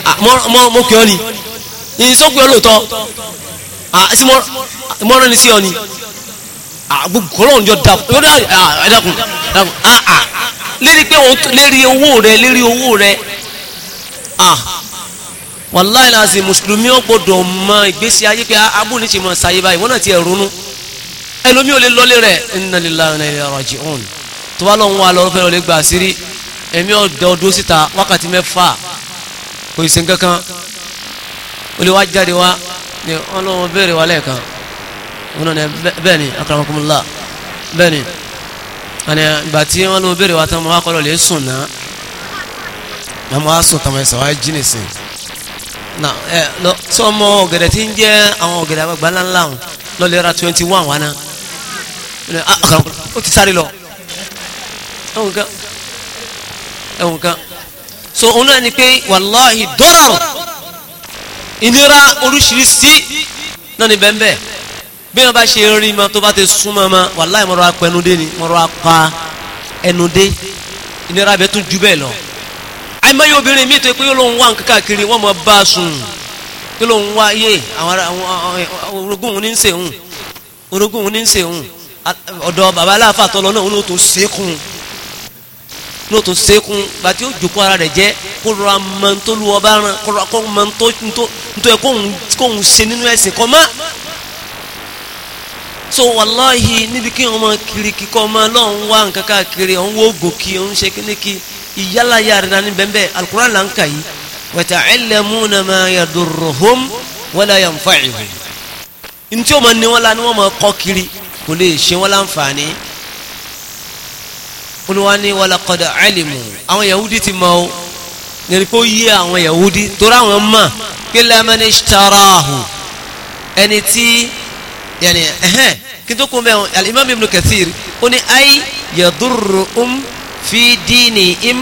ah, mọ kí ọ ni ìsọ́kù ẹ lóòótọ́ àti mọ́rán ni sí ọ ni gbogbo ọlọ́run jọ dákun dákun dákun ah ah lérí pé lérí owó rẹ lérí owó rẹ ah wàláì láti mùsùlùmí ó gbọdọ̀ mọ ìgbésí ayé pé ah, abúlé ṣe mọ̀ ṣàyè báyìí wọ́n náà ti ẹ̀ ronú ẹlòmí ò lè lọlé rẹ̀ inna lillahi inna ilayhi raji'un tó bá lọ́wọ́ wa lọ́wọ́ fẹ́ràn lè gbà sírí ẹ̀mí ọ̀dọ́ ọdún síta wákàtí mẹ́fà kò ì sìn kankan ó lè wá jáde wá ni ọlọ́wọ́ béèrè wa lẹ́ẹ̀kan wọn náà bẹ́ẹ̀ ni akramakumullah bẹ́ẹ̀ ni àni ìgbà na ẹ lọ sọmọ ọ̀gẹ̀dẹ̀ tí ń jẹ́ àwọn ọ̀gẹ̀dẹ̀ àgbàgbà ńláńlá ọ̀hún lọ́lẹ́ ra twenty one wa náà ah, ó ti sáré lọ ẹ̀wọ̀n kan ẹ̀wọ̀n kan so òun náà ni pé wàláhì dọ́rọ̀ ìnira oríṣiríṣi náà ni bẹ́ẹ̀ bẹ́ẹ̀ bí wọn bá ṣe rí ma tó bá ti súnmọ́ ma wàláhì mọ̀rọ̀ apẹnudé ni mọ̀rọ̀ apá ẹnudé ìnira bẹ́ẹ̀ tún ju bẹ́ẹ̀ lọ àìmọye obìnrin mi tó yẹ pé yóò lóun wá nǹkan káàkiri wọ́n mọ̀ bá a sùn yóò lóun wá yé àwọn orogún òun ní ń sèhùn orogún òun ní ń sèhùn ọ̀dọ̀ bàbá aláàfà tọ́lọ náà ló tó sékun ló tó sékun gbàtí ó jòkó ara rẹ̀ jẹ́ kó rọra mọ tó lu ọba rán kó rọra kó mọ tó tó yẹ kóhun ṣe nínú ẹ̀sìn kọ́ mọ́ so wàláhì níbi kí wọn máa kiri kíkọ́ máa lọ́ọ̀ ń wá nǹkan káàkiri ọ̀hún wó gòkì ọ̀hún ṣe kíníkì ìyálà ya rẹ̀ nání bẹ́ẹ̀ alukuran là ń kà yìí wata'allamuna ma yadurruhum wala yanfa'uhum ntí o ma ní wọn la ni wọn ma kọ́ kiri kò lè ṣe wọn láǹfààní olùwà ni walaqad alimu àwọn yahudi ti mọ o yẹni kó yé àwọn yahudi torí àwọn mọ pé lamani ishtarahu ẹni tí yẹni ẹhẹn kí n tó kún bẹ́ẹ̀ alimami ibn kathir ó ní ay yadurru um fi dinihim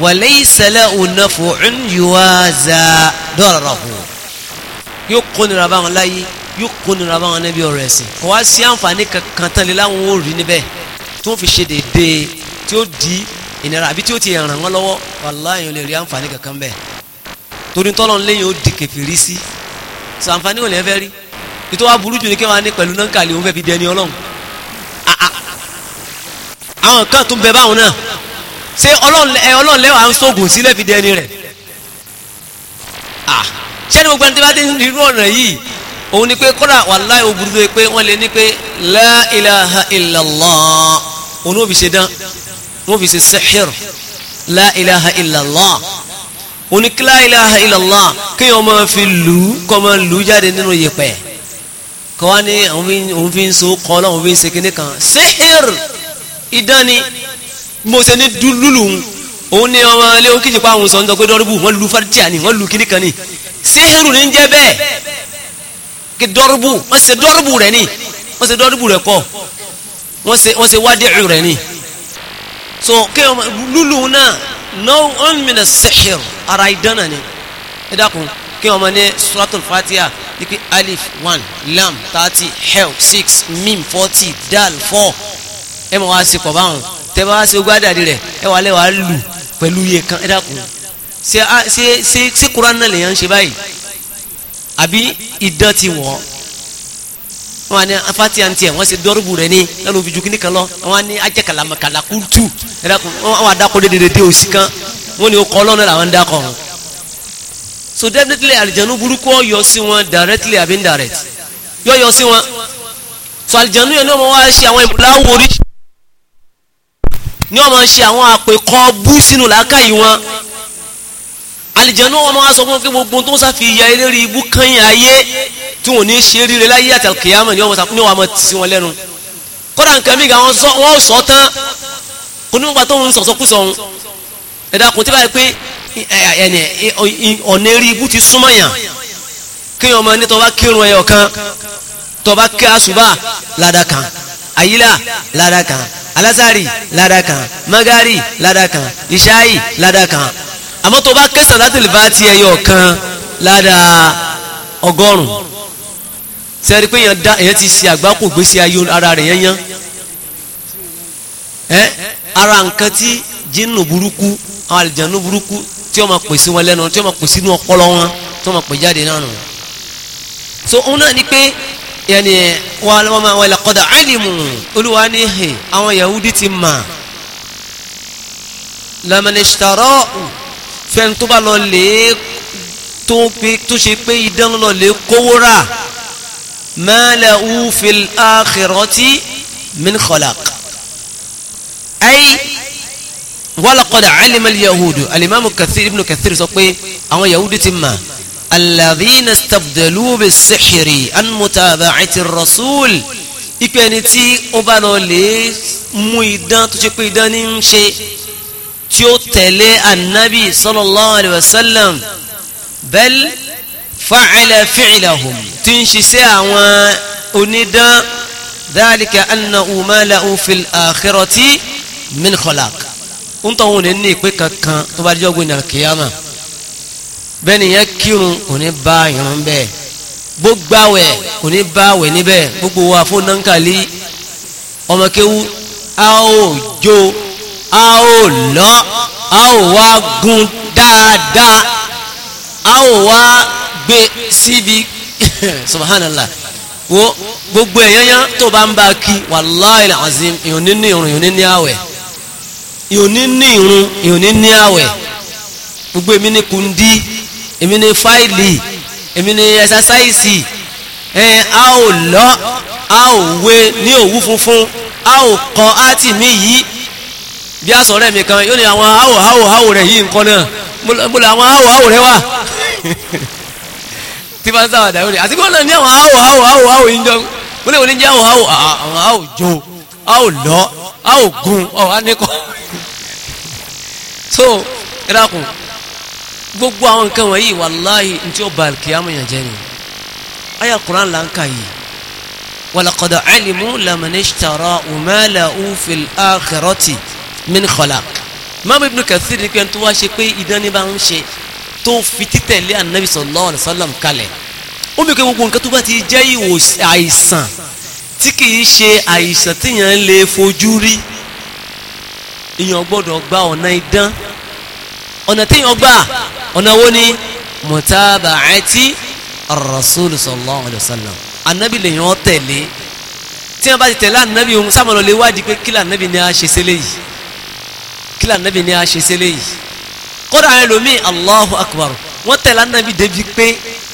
wa laysa lahu naf'un yuwaza dararahu yóò kó nira báwọn láyé yóò kó nira báwọn níbi ọ̀rọ̀ ẹ̀sìn kò wá sí àǹfààní kankan tán lé láwọn ò rí níbẹ̀ tí wọ́n fi ṣe déédéé tí ó di ìnira àbí tí ó ti ràn wọ́n lọ́wọ́ wàláyé ò lè rí àǹfààní kankan bẹ́ẹ̀ torí tọ́lọ́ lẹ́yìn ó di kẹfìrí sí sọ ò lè fẹ́ rí ètò burú jù ní kí wọ́n á ní pẹ̀lú náà kàlẹ́ òun fẹ́ fi dẹni ọlọ́run àwọn kan tún bẹ báwọn náà ṣé ọlọ́run lẹ́wọ̀ à ń sóògùn sílẹ̀ fi dẹni rẹ̀ ṣẹ́ni gbogbo ẹni tí wọ́n ti ń rírú ọ̀nà yìí òun ni pé kódà wàláhì ó burú tó yẹ pé wọ́n lè ní pé la ilaha illallah òun ó fi ṣe dán wọ́n fi ṣe sẹ́hìr la ilaha illallah òun ni kí la ilaha illallah kéèyàn máa fi lù ú kọ́ máa lù ú jáde nínú yẹ̀pẹ̀ kọ́ wá ní òun fi ń so kọ́ ọ́ lọ́wọ́ òun fi ń ṣe kinní kan sẹ́hìr idán ni mo ṣe ní dúlúlù òun ní ọmọ ilé òkìjì pa àwọn sọ̀ńdọ̀ pé dọ́rùbù wọ́n lu fàtíà ni wọ́n lu kíní kan ni síhìrù ní jẹ́ bẹ́ẹ̀ kí dọ́rùbù wọ́n ṣe dọ́rùbù rẹ̀ ni wọ́n ṣe dọ́rùbù rẹ̀ kọ́ wọ́n ṣe wọ́n ṣe wádìí rẹ̀ ni so kí ọmọ lúlù náà náà ń mìíràn síhìrù ara idán ni ẹ dákun kí ọmọ ní suratul fatiha ní pé alif one lam thirty hell six mim forty dal four ẹ mọ̀ wá sí pọ̀ báwọn tẹ bá wá sí ogún àdàdì rẹ̀ ẹ wà lẹ́wàá lù pẹ̀lú iye kan ẹ dákun ṣe ṣe ṣe ṣe kuran náà lèèyàn ṣe báyìí àbí idán ti wọ̀ wọn ni afati àǹtí ẹ wọn ṣe dọ́rùbù rẹ ní lẹ́nu òfin ju kan lọ wọn ni ajẹ́ kàlàmàkàlà kú tù ẹ dákun wọn àdàkọ dédédé dé òsì kan wọn ni ó kọ́ lọ́nà làwọn ń so definitely alijanu burúkú ọyọ sí wọn directly àbí indirect yọ yọ sí wọn so alijanu yẹn ní ọmọ wa ṣe àwọn ìmúláwò oríṣi ni wọ́n máa ṣe àwọn àpèkọ́ bú sínú làákàyè wọn alìjẹ̀nú wọn máa sọ fún pé gbogbo tó ń sáfi ya eléré ibú kányìn ayé tí wọn ní ṣe ríre láyé àti àkèyàmọ̀ ni wọ́n máa sí wọn lẹ́nu kódà nǹkan mìíràn wọ́n sọ tán kò ní bàbá tó ń sọ̀sọ́ kú sọ̀hún ẹ̀dá kò tí báyìí pé ọ̀nà eré ibú ti súnmọ́ yàn kéèyàn ọmọ ní tọba kírun ẹyọ kan tọba kí àsùbà ládàá kan àyílà alásàrì ládàá kan magari ládàá kan ìṣáì ládàá kan àmọ́ tó bá ké sàlátìlì bá ti ẹyọ kan Lada ọgọ́rùn-ún sẹ́ni pé èèyàn ti ṣe àgbákò gbèsè ayé ara rẹ̀ yẹn yán ẹ́ ara nǹkan tí jínù burúkú àwọn àlìjánu burúkú tí wọ́n pèsè wọn lẹ́nu tí wọ́n pèsè inú ọpọlọ wọn tí wọ́n pè jáde náà nù. so òun náà ni pé yẹni wọ́n máa wọlé kọ́dà alimu olúwa ní hì àwọn yahudi ti mà lamẹ́nìṣtàrọ́ fẹ́ni tó bá lọ lè tó ṣe pé idán lọ lè kówó rà mẹ́lẹ̀ ufil akhirati min khalaq ayi wọ́n lọ́kọ́dà alimu yahudu alimami kathir ibn kathir sọ pé àwọn yahudi ti mà. الذين استبدلوا بالسحر عن متابعة الرسول ipe ẹni tí ó bá lọ lè mú idán tó ṣe pé idán ní ń ṣe tí ó tẹ̀lé annabi sallallahu alaihi wasallam bel fa'ila fi'ilahum tí ń ṣiṣẹ́ àwọn onídán dhalika annahu ma lahu fil akhirati min khalaq ń tọ́wọ́n ní ìpín kankan tó bá dijọ́ gbé ní alkiyama. bẹ́ẹ̀ nìyẹn kírun kò ní bá irun bẹ́ẹ̀ gbogbo kò ní bá àwẹ̀ níbẹ̀ gbogbo wa fún nankali ọmọ kéwú a ó jó a ó lọ a ó wá gun dáadáa a ó wá gbé síbi subhanallah wo gbogbo ẹ̀yẹ́yẹ́ tó bá ń bá kí wàláì làzim ìhùn nínú ìrùn ìhùn nínú àwẹ̀ ìhùn nínú ìrùn ìhùn nínú àwẹ̀ gbogbo èmi ní kundi èmi ni fáìlì èmi ni ẹ̀sásáìsì ẹ̀ a ò lọ a ò wé ní òwú funfun a ò kọ áàtì mi yìí bí a sọ̀rọ̀ ẹ̀mí kan yóò ní àwọn áwò áwò áwò rẹ̀ yìí nǹkan náà mo lọ àwọn áwò áwò rẹ̀ wà tí bá ń sáwà dàrú rẹ̀ àti bí wọ́n náà ní àwọn áwò áwò áwò áwò yìí jọ mo lè wọ́n ní jẹ́ àwọn áwò àwọn áwò jo áwò lọ áwò gun ọ̀ á so ẹ dákun gbogbo àwọn nǹkan wọ̀nyí wàláhì ní tí ó ba kìámù yàn jẹ́ ni ayé kuran là ń kà yìí walaqad alimu lamani sitara umala ufil akhirati min khalaq mamu ibn kathir ni pé tó wá ṣe pé ìdánni bá ń ṣe tó fi títẹ̀lé anabi sallallahu alayhi wa sallam kalẹ̀ ó mi kẹ́ gbogbo nǹkan tó bá ti jẹ́ ìwòsàn àìsàn tí kìí ṣe àìsàn tíyàn lè fojú rí ìyàn gbọ́dọ̀ gba ọ̀nà idán ọ̀nà tí yàn gbà ọ̀nà wo ni mutaba'ati ar-rasul sallallahu alayhi wa sallam anabi lè yàn tẹ̀lé tí yàn bá ti tẹ̀lé anabi òun sábà lọ lè wádìí pé kílà anabi ni a ṣe sílẹ̀ yìí kílà anabi ni a ṣe sílẹ̀ yìí kódà àwọn ẹlòmíì allahu akbar wọ́n tẹ̀lé anabi débi pé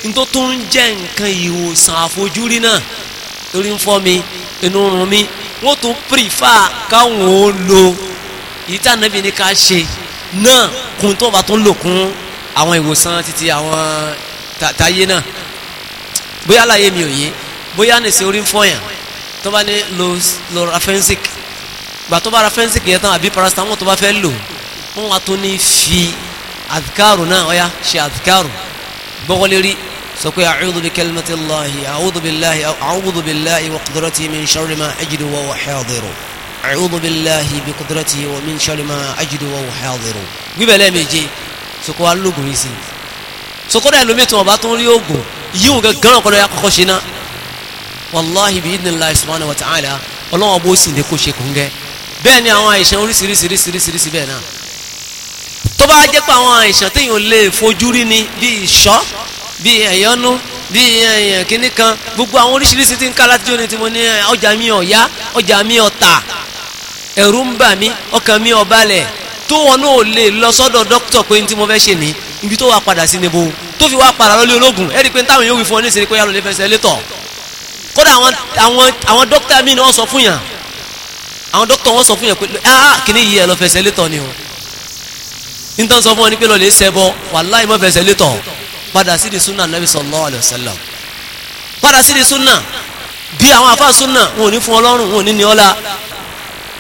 nítorí ń jẹ́ nǹkan ìwòsàn àfojúrí náà torí ń fọ́ mi inú rún mi wọ́n tún pírífà káwọn ó lo ìyí tí anabi ni ká ṣe náà kun tó bá tó ń lò kún àwọn ìwòsàn títí àwọn tàyé náà bóyá láyé mi ò yé bóyá nìsín orí ń fọyàn tó bá ní lorafensic gbà tó bá ra fẹ́ǹsì kìí tán àbí paracetamol tó bá fẹ́ lò wọ́n wá tó ní fi àdìkárù náà ọ̀ya ṣe àdìkárù gbọ́wọ́lérí sọ pé a'udhu bi kalimatillahi a'udhu billahi a'udhu billahi wa qudratihi min sharri ma ajidu wa huwa hadiru a'udhu billahi bi qudratihi wa min sharri ma ajidu wa uhadhiru wíbẹ̀ lẹ́ẹ̀mejì sọkọ wa lóògùn yìí sí sọkọ dà lómi tí wọn bá tó ń rí oògùn yìí wọn gan ọkọ náà yà kọ́kọ́ ṣe náà wàláhi bi idhnillahi wa ta'ala ọlọ́wọ́n bó sì lè kó ṣe kún gẹ́ bẹ́ẹ̀ ni àwọn àìsàn oríṣiríṣiríṣiríṣi bẹ́ẹ̀ náà tó bá jẹ́ pé àwọn àìsàn téèyàn lè fojú rí ni bí ìṣọ́ bí ẹ̀yọ́nú bí ẹ̀yàn eh, kínní kan gbogbo àwọn oríṣiríṣi ti ń ká láti jóni tí mo ní eh, ọjà mi ọ̀yá ọjà mi ọ̀tà ẹ̀rù ń bà mí ọkàn mi ò balẹ̀ tó wọn náà lè lọ sọ́dọ̀ dókítà pé tí mo fẹ́ ṣe ní ibi tó wà padà sí níbo tó fi wá padà lọ́lé ológun ẹ̀rí pé táwọn yóò wí fún ọ níṣẹ́ ni pé yàrá olè fẹsẹ̀ létọ̀ kódà àwọn dókítà mi ni wọ́n sọ fún yàn àwọn dókítà wọn sọ fún yàn pé ah, ah kìíní yìí ẹ lọ fẹsẹ̀ létọ̀ ni o nítorí sọ fún ọ ní pé lọ lè ṣẹbọ wàláì mọ fẹsẹ̀ létọ̀ padà sí di sunna nabi sallallahu alayhi wa sallam padà sí di sunna bí àwọn afa sunna wọn ò ní fún ọlọ́run wọn ò ní ní ọlá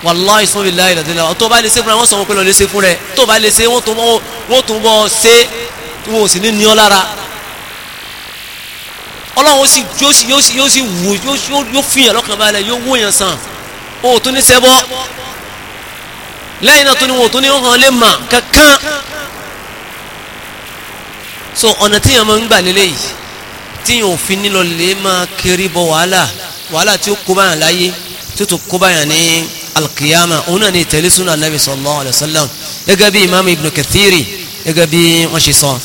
wàláhì sọ́bi láì lọ́dún náà tó bá lè ṣe fún rẹ wọ́n sọ wọn pé lọ́ọ́ lè ṣe fún rẹ tó bá lè ṣe wọ́n tún bọ́ ṣe wọn ò sì ní ní ọ lára ọlọ́run sì yóò sì yóò sì yóò sì wù yóò fi yàn lọ́kàn balẹ̀ yóò wò yàn sàn o tún ní sẹ́bọ́ lẹ́yìn náà tún ní wọn tún ní hàn lè mà kankan so ọ̀nà tí yàn máa ń gbà lélẹ̀ yìí tí yàn ò fi nílò lè máa kiri bọ wàhálà wàhálà tí ó kó báyàn láyé tí ó kó báyàn ní. القيامة هنا نتلسنا النبي صلى الله عليه وسلم يقبي إمام ابن كثير يقبي مشيصا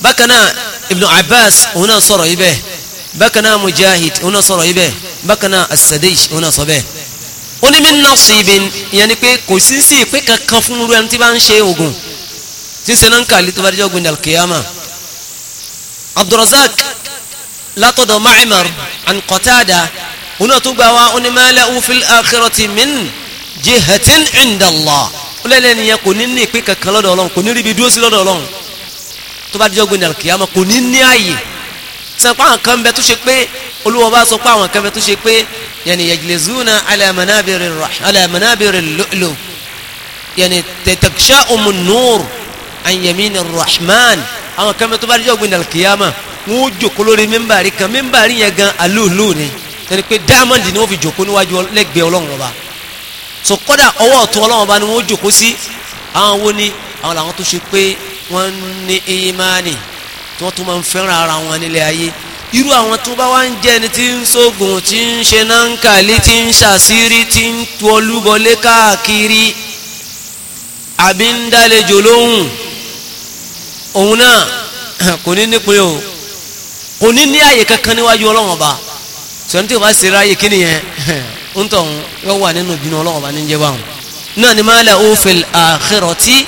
بكنا ابن عباس هنا صر إبه بكنا مجاهد هنا صر إبه بكنا السديش هنا صبه هنا من نصيب يعني كي كسنسي كي كفنور ينتبان شيء وقوم تنسلن كالي تبرجوك من القيامة عبد الرزاق لا تضمع مر عن قتاده هناك بواء ما لأوا في الآخرة من جهة عند الله ولا لن يكون إني كيكا كلا دولون كوني ربي دوسي لا دولون تبا جوغو نال كياما كوني إني أي سأقوى كم بيتو شكبي قلوا با سأقوى كم بيتو شكبي يعني يجلزون على منابر الرح على منابر اللؤلو يعني تتكشاء من نور عن يمين الرحمن أما كم تبا جوغو نال كياما موجو كلوري منباري كم منباري يغان اللؤلو tẹ́lẹ̀ pé diamond ni wọ́n fi jòkó níwájú lẹ́gbẹ̀ẹ́ ọlọ́run ọba so kọ́dà ọwọ́ ọ̀tún ọlọ́run ọba ni wọ́n jòkó sí àwọn wo ni àwọn làwọn tó ṣe pé wọ́n ní imani tí wọ́n tún máa ń fẹ́ràn ara wọn nílé ayé irú àwọn tó bá wá ń jẹ́ ẹni tí ń ṣoògùn tí ń ṣe náǹkàlí tí ń ṣàṣírí tí ń tọlúbọlé káàkiri àbí ń dálejò lóhùn òun náà kò ní nípìn o kò ní ní àyè kankan níwájú ọlọ́run ọba sọ̀rọ̀ tí o bá ṣe ráyè kí nìyẹn ń tọ̀ ń yọ wà nínú ìbínú ọlọ́wọ́ bá ní jẹ́ báwọn náà ni máa la ó fil akhirati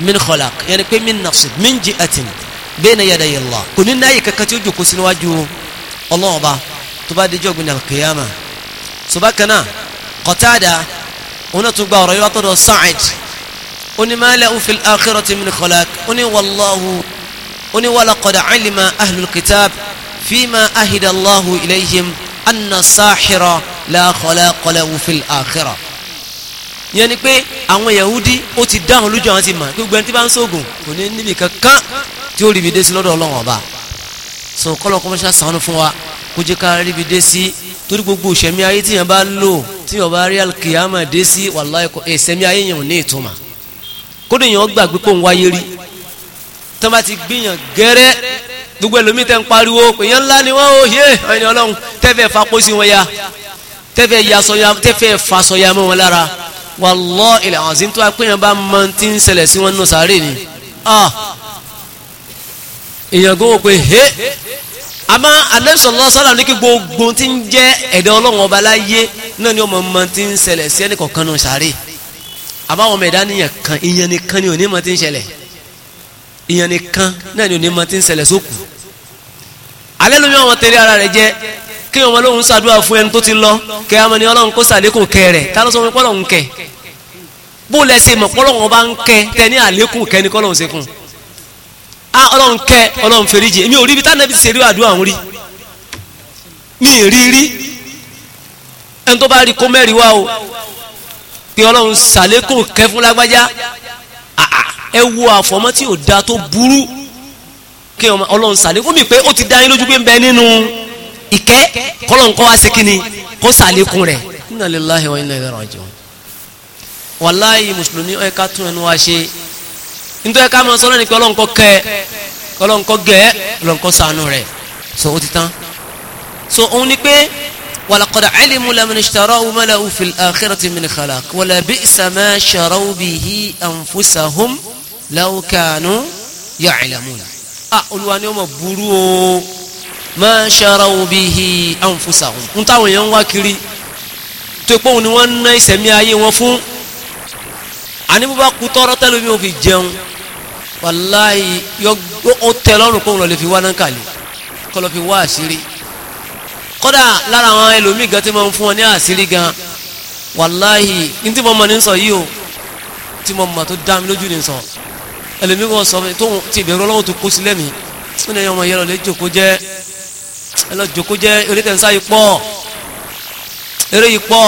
min khalaq yẹni pé min nafsi min ji'atin bayna yaday Allah kò ní náyè kankan tí ó jòkó sí níwájú ọlọ́wọ́ bá tó bá dijọ́ gbin alkiyama ṣùgbọ́n kan náà Qatada òun gba ọ̀rọ̀ yìí wá tọ́dọ̀ Sa'id ó ní la ó fil akhirati min khalaq ó ní wallahu ó ní ahlul kitab fima ahida ilayhim anna sahira لا khalaqa lahu في الآخرة. yẹn ni pé àwọn yahudi ó ti dáhùn lójú àwọn ti mọ̀ pé gbẹ́ntì bá ń sóògùn kò ní níbi kankan tí ó ríbi dé sí lọ́dọ̀ ọlọ́wọ́n ọba so kọ́lọ̀ kọ́mọ́ṣá sànú fún wa kó jẹ́ ká ríbi dé sí torí gbogbo ìṣẹ̀mí ayé tíyẹn bá lò tíyẹn bá rí alkiyama dé sí wàláhì ìṣẹ̀mí ayé yẹn ò ní ìtumọ̀ kódò yẹn ó gbàgbé kó ń wáyé rí tó bá ti gbìyàn gẹ́rẹ́ gbogbo ẹlòmíì tẹ́ ń pariwo èèyàn ńlá ni wọ́n ó yé ẹni ọlọ́run tẹ́fẹ́ fapó sí wọn ya tẹ́fẹ́ yasọya tẹ́fẹ́ fasọya mọ́ wọn lára wallahi alazim tó apéyàn bá mọ tí ń ṣẹlẹ̀ sí wọn nù sáré ni ah! èèyàn gbọ́ pé he àmọ́ Ànábì sallallahu alaihi wasallam ní kí gbogbo tí ń jẹ́ ẹ̀dá ọlọ́run ọba láyé náà ni ọmọ mọ tí ń ṣẹlẹ̀ sí ẹnì kọ̀ọ̀kan nù sáré àmọ́ àwọn ọmọ ẹ̀dá nìyẹn kan ìyẹn nìkan ni òní mọ tí ń ṣẹlẹ̀ ìyẹn nìkan náà ni òní mọ tí ń ṣẹlẹ̀ sókùú alẹ́ lómi àwọn tẹ̀lé ara rẹ̀ jẹ́ kí ọmọ lóhun ṣàdúrà fún ẹni tó ti lọ kẹ àmọ́ ni ọlọ́run kó ṣàlékún kẹ rẹ̀ tá ló sọ wọn pọ́lọ́run kẹ bó lẹ ṣe mọ̀ pọ́lọ́run bá ń kẹ tẹ ní àlékún kẹ ní kọ́lọ́run ṣe kún á ọlọ́run kẹ ọlọ́run fèrèjì èmi ò rí ibi tánàbí ti ṣe rí àdúrà òun rí mi ì rí rí ẹni tó bá rí kó mẹ́rin wá o pé ọlọ́run ṣàlékún kẹ fún lágbájá ẹ wo àfọ̀mọ́ tí ò da tó burú kí ọlọ́run sàlékún mi pé ó ti dá yín lójú pé ń bẹ nínú ìkẹ́ kọ́lọ́nkọ́ wá sí kíni kó sàlékún rẹ̀ inna lillahi wa inna ilayhi raji'un wàláyé mùsùlùmí ó yẹ tún ẹnu wa ṣe nítorí ká máa sọ́nà ni pé ọlọ́nkọ́ kẹ́ ọlọ́nkọ́ gẹ́ ọlọ́nkọ́ sànú rẹ̀ so ó ti tán so òun ni pé walaqad alimu laman ishtarahu malahu fil akhirati min khalaq wala bi'sa ma sharaw bihi anfusahum law kanu ya'lamun ah olúwa ni ó mọ̀ burú o ma sharaw bihi anfusahum ń táwọn èèyàn ń wá kiri tó pé òun ni wọ́n ń ná ìsẹ̀mí ayé wọn fún àní bó bá kú tọ́rọ́ tẹ́lẹ̀ mi ò fi jẹun wàláì ó tẹ lọ́rùn kóun lọ lè fi wá náà kàlẹ́ kọ́ lọ fi wá àṣírí kódà lára àwọn ẹlòmíì gan tí mo fún ọ ní àṣírí gan wàláì ní tí mo mọ̀ ní sọ yìí o tí mo mọ̀ tó dá mi lójú ní sọ ẹlẹ́mi wọ́n sọ tó ti ìbẹ̀rù ọlọ́run tó kó sí lẹ́mi ó ní ẹ̀yọ́ ọmọ yẹn lọ lè jòkó jẹ́ ẹ lọ jòkó jẹ́ eré tẹ̀sán yìí pọ̀ eré yìí pọ̀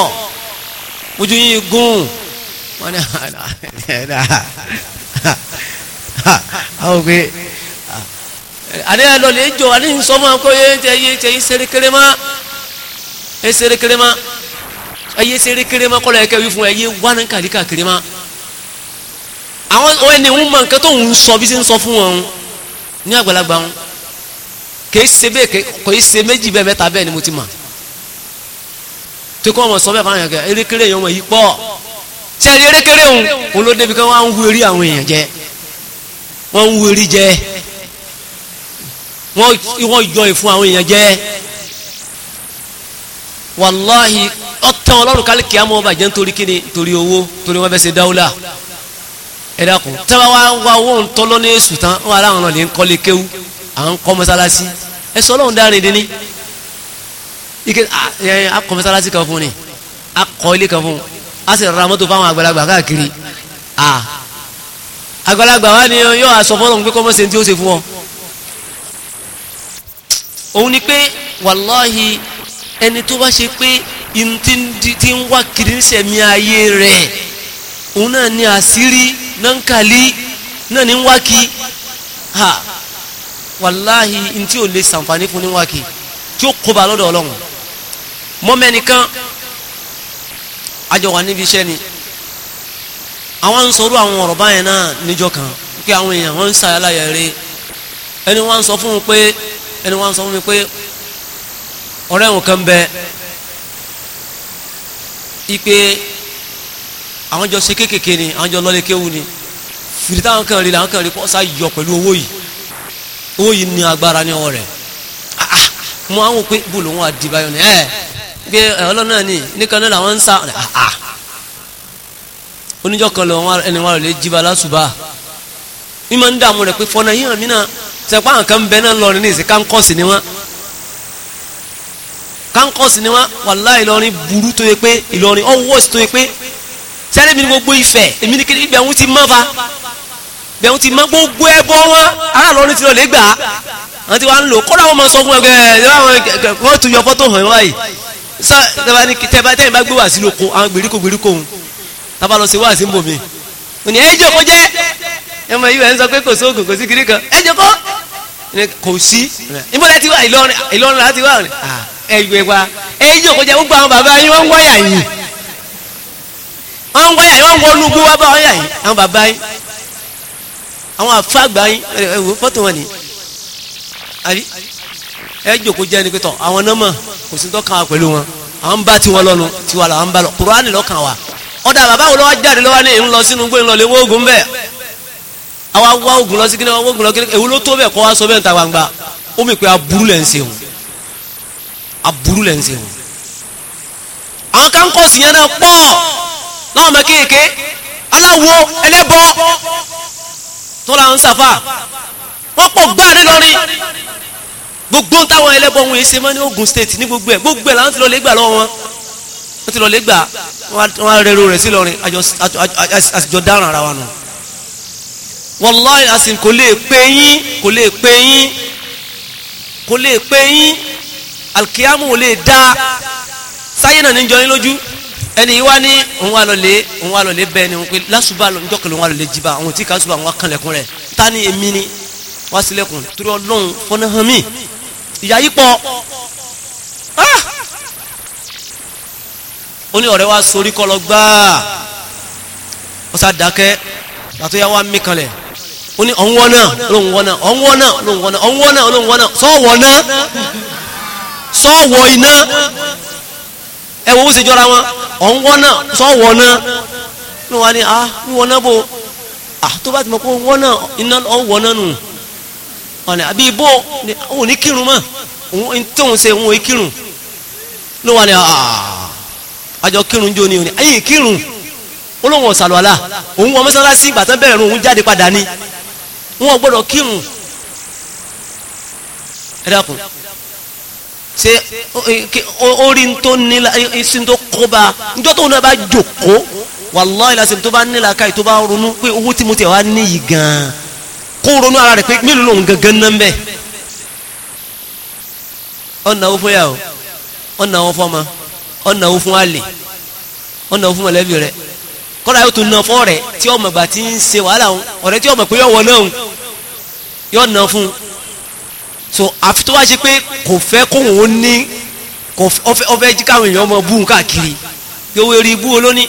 ojú yìí gùn wọ́n ní àwọn òkè àdé ẹ lọ lè jò àdé yìí sọ fún wa kó yé tẹ yé tẹ yé sẹ́rí kéré má ẹ sẹ́rí kéré má ẹ yé sẹ́rí kéré má kọ́ lọ ẹ fún ẹ yé wánà kàdíkà kéré má àwọn ẹni ń mọ nǹkan tó ń sọ bí ṣe ń sọ fún wọn ní àgbàlagbà wọn kìí ṣe bẹ́ẹ̀ kìí ṣe méjì bẹ́ẹ̀ mẹ́ta bẹ́ẹ̀ ni mo ti mọ̀ tó kọ́ ọmọ sọ bẹ́ẹ̀ fáwọn yàgẹ́ erékeré yẹn wọ̀ yí pọ̀ tí a rí erékeré òun òun ló débi kan wọ́n á ń hu eré àwọn èèyàn jẹ wọ́n ń hu eré jẹ wọ́n yọ ìfún àwọn èèyàn jẹ wàláhì ọ̀tàn ọlọ́run kálíkì àmọ́ ọba jẹ́ nítorí kíni nítorí owó nítorí wọ́n fẹ́ ṣe dáwọ́là ẹ̀dá kù tẹ́wọ́ wa wá owó ń tọ́ lọ́nà èṣù tán wọ́n aláwọn náà lè ń kọ́lé kéwú à ń kọ́ mọ́sálásí ẹ sọ ọlọ́run dárin dín ní ike a kọ́ mọ́sálásí kan fún ni a kọ́ ilé kan fún a sì ra mọ́tò fáwọn àgbàlagbà káàkiri a àgbàlagbà wa ni yóò aṣọ fọlọ́n pé kọ́mọ́ ti ó ṣe fún ọ òun ni pé wàláhì ẹni tó bá ṣe pé ti ń wá kiri ń sẹ̀mí ayé rẹ̀ òun náà ni àṣírí nankali náà ní wákì ha wàláhì ntí ò lè sànfàní fún ní wákì tí ó kóba lọ́dọ̀ ọlọ́run mọ́mẹ́nìkan àjọ wà níbi iṣẹ́ ni àwọn ń sọ̀rọ̀ àwọn ọ̀rọ̀ báyẹn náà níjọ kan pé àwọn èèyàn wọ́n ń ṣàyàláyà rẹ ẹni wọ́n ń sọ fún mi pé ẹni wọ́n sọ fún mi pé ọ̀rẹ́ wọn kan bẹ ipe àwọn jọ ṣe kéékèèké ni àwọn jọ lọ́lé kéwu ni fìdí táwọn kan rí làwọn kan rí pọ́sá yọ pẹ̀lú owó yìí owó yìí ní agbára ní ọwọ́ rẹ̀ mo àwọn pé bó lòun wà di báyọ̀ ni ẹ gbé ọlọ́nà ni nìkan náà làwọn ń sá oníjọ́ kan lọ ẹni wọn lè jí bala ṣùgbà mi máa ń dààmú rẹ̀ pé fọ́nà yíyan mí náà sẹ́pà nǹkan bẹ́ẹ̀ náà lọ ní ìsìn kánkọ́sì ni wọ́n kánkọ́sì ni wọ́n wàláì Ìlọrin burú tó yẹ pé Ìlọrin ọwọ́sì tó yẹ pé sẹ́rẹ́ mi ní gbogbo Ifẹ̀ èmi ní kí ibẹ̀ ń ti mọ́ fa ibẹ̀ ń ti mọ́ gbogbo ẹbọ wọn aláàlọ́rin ti lọ lè gbà á wọ́n ti wá ń lò kọ́ra wọn mọ sọ fún ẹgbẹ́ ẹ̀ wọ́n tún yọ fọ́tò hàn wáyìí sọ tẹ́bà ní tẹ́bà tẹ́yìn bá gbé wá sí lóko àwọn gbèríko gbèríko ń tábà lọ sí wá sí mbòmí òní ẹ jẹ́ kó jẹ́ ẹ mọ ìwé ń sọ pé kò sóògùn kò sí kiri kan ẹ jẹ́ kò sí ìmọ̀lẹ́ ti wá Ìlọrin láti wá ẹ̀yọ̀ ẹ̀wà jẹ́ gbogbo àwọn bàbá yín wọ́n ń wáyà yìí àwọn wáyà yìí wọ́n wọnú gbé wá bá wáyà yìí àwọn bàbá yìí àwọn àfáàgbà yìí ẹ wò fọ́tò wọn ni àbí ẹ jòkó jẹ́ ni pé tọ̀ àwọn nọ́mà kò sí tọ́ka wa pẹ̀lú wọn àwọn bá tiwọn lọ́nu tiwa làwọn bá lọ kùránì lọ́kàn wa ọ̀dà bàbá wo lọ́wọ́ jáde lọ́wọ́ ní ìlú lọ sínú gbé ńlọ lé wóògùn bẹ́ẹ̀ àwa wá oògùn lọ sí kíni wóògùn lọ kíni èwo ló tó bẹ́ẹ̀ kọ́ wa sọ bẹ́ẹ̀ ń gbangba ó mi pé aburú lẹ́ ń ṣe wọn aburú lẹ́ ń ṣe wọn àwọn kan yẹn náà pọ̀ láwọn ọmọ kéèké aláwo ẹlẹ́bọ tó la ń sàfà wọ́n pọ̀ gbá nílọrin gbogbo táwọn ẹlẹ́bọ wọn èsì mọ́ ní Ogun State ní gbogbo ẹ̀ gbogbo ẹ̀ là ń ti lọ lé gbà lọ́wọ́ wọn wọ́n ti lọ lé gbà wọ́n á rẹ́rù rẹ̀ sí lọ́rin àjọ dáràn ara wa nù wọ́láì àsìn kò lè pé yín kò lè pé yín kò lè pé yín alikiyamu ò lè dá sáyé náà níjọ yín lójú ẹni wá ní òun wà lọlé òun wà lọlé bẹ́ẹ̀ ni òun pé lásùbà ńjọkẹlẹ òun wà lọlé jìbà òun tí ká sùbà òun wà kànlẹ̀kùn rẹ̀ ta ni èmi ni wá sílẹ̀kùn torí ọlọ́run fọ́nà hàn mí ìyá yìí pọ̀ ah! ó ní ọ̀rẹ́ wa sorí kọ́ gbáà ó sá dákẹ́ pàtó yá wá mí ó ní ọ̀hún wọ́n náà olóhùn wọ́n náà ọ̀hún wọ́n náà olóhùn wọ́n náà ọ̀hún wọ́n náà olóhùn iná ẹ wo ó sì jọra wọn ọ̀hún wọ́nà sọ́wọ́ náà ní wọ́n á Ah, à ń wọ́nà bò à ah, ah, tó bá ti mọ̀ pé wọ́nà iná ọ̀hún wọ́nà nù ọ̀nà àbí ibò òun ní kírun mọ́ òun tóun ṣe òun ò kírun ní wọ́n á ní à àjọ kírun jó ni òun ní ayé kírun olóhùn ọ̀sàlùwàlà òun wọ mọ́sálásí ìgbà tán bẹ̀rẹ̀ òun jáde padà ni wọn gbọ́dọ̀ kírun ẹ dákun se orí tó nílá isi tó kóbá njọ́ tó náà bá jòkó wàláhì lásìkò tó bá nílá káyì tó bá ronú pé owó tí mo tẹ̀ wá níyì gan-an kó ronú ara rẹ̀ pé mélòó lòun gangan náà ń bẹ̀ ọ̀nà owó fúnyà o ọ̀nà owó fọ́mọ ọ̀nà owó fún àlè ọ̀nà owó fún mọ̀lẹ́bí rẹ̀ kọ́ra yóò tún ná fọ́ rẹ̀ tí ọmọ gbà tí ń ṣe wàhálà ọ̀rẹ́ tí ọmọ pé yọ̀ wọ náà yọ̀ ná fún un so àfi tó bá ṣe pé kò fẹ́ kóhùn ó ní kò fẹ́ ọfẹ́ jí káwọn èèyàn ọmọ bú káàkiri yóò wé rí ibú olóní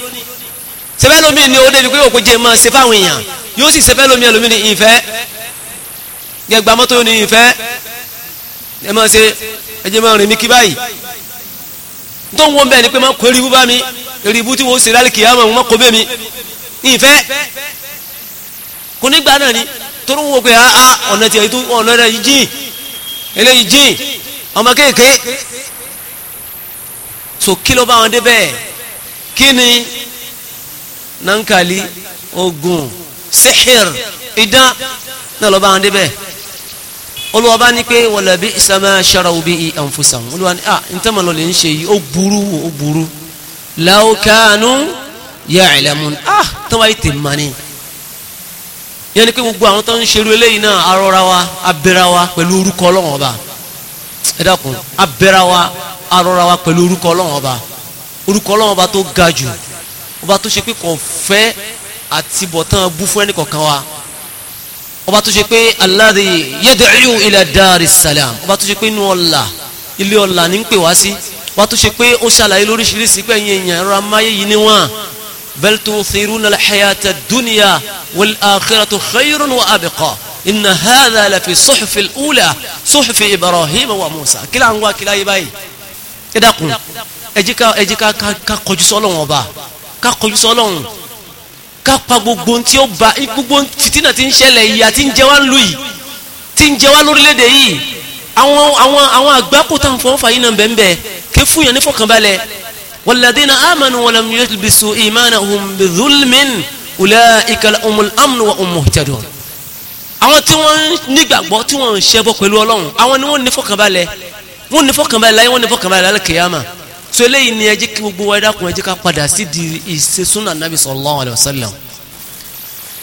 sẹfẹ́ lómi ni ó débi pé òkú jẹ́ máa ṣe fáwọn èèyàn yóò sì sẹfẹ́ lómi ẹlòmí ni ìfẹ́ gẹgbà mọ́tò ni ìfẹ́ ẹ máa ṣe ẹjẹ máa rìn mí kí báyìí tó ń wọ́n bẹ́ẹ̀ ni pé máa kó eribú bá mi eribú tí wọ́n ṣe lálẹ́ kìí àmọ́ kó bẹ́ẹ̀ mi ìfẹ́ kò nígbà náà ni ah, ah, tó ń wọ́n pé ọ̀nà tiẹ̀ ọ̀nà rẹ̀ eléyìí jìn ọmọ kéèké so kí ló bá wọn débẹ̀ kí ni nankali ogun sihir idán náà ló bá wọn débẹ̀ olùwà bá ní pé wọlé bí isama saraw bí i anfusan olùwà ní ah n tẹ́mọ̀ lọ́lẹ̀ ń ṣe yìí ó burú ó burú law kanu ya'lamun ah tọ́wáyé tè mọ́ ni yẹn ni pé gbogbo àwọn tó ń ṣerú eléyìí náà arọra wa abẹ́ra wa pẹ̀lú orúkọ ọlọ́run ọba ẹ dákun abẹ́ra wa arọra wa pẹ̀lú orúkọ ọlọ́run ọba orúkọ ọlọ́run ọba tó ga jù ọba tó ṣe pé kò fẹ́ àtibọ̀tán bú fún ẹnìkọ̀kan wa ọba tó ṣe pé alladhi yad'u ila daris salam ọba tó ṣe pé inú ọ̀la ilé ọ̀la ní ń pè wá sí ọba tó ṣe pé ó ṣàlàyé lóríṣiríṣi pẹ̀yìn èèyàn ẹ̀rọ amáyé yìí níwọ̀n بل توثرون الحياة الدنيا والآخرة خير وأبقى إن هذا لفي صحف الأولى صحف إبراهيم وموسى كلا عنوا كلا يباي إذا قل أجيكا أجيكا كا قج سولون وبا كا قج سولون كا بابو بنتي وبا إبو بنتي تنا تنشل يا تنجوان لوي تنجوان لدي أوان أوان أوان أقبقو تنفو فاينا بمبه كيفو يعني فو كمبالي والذين آمنوا ولم يلبسوا إيمانهم بظلم أولئك لهم الأمن وهم مهتدون àwọn tí wọ́n nígbàgbọ́ tí wọ́n ń ṣẹbọ pẹ̀lú Ọlọ́run àwọn ni wọ́n ní fọkànbalẹ̀ wọ́n ní fọkànbalẹ̀ láyé wọ́n ní fọkànbalẹ̀ lálẹ́ kìyàmà tó eléyìí ni ẹ jẹ́ kí gbogbo wa dákun ẹ jẹ́ ká padà sí di ìṣe súnà nàbì sallallahu alaihi wasallam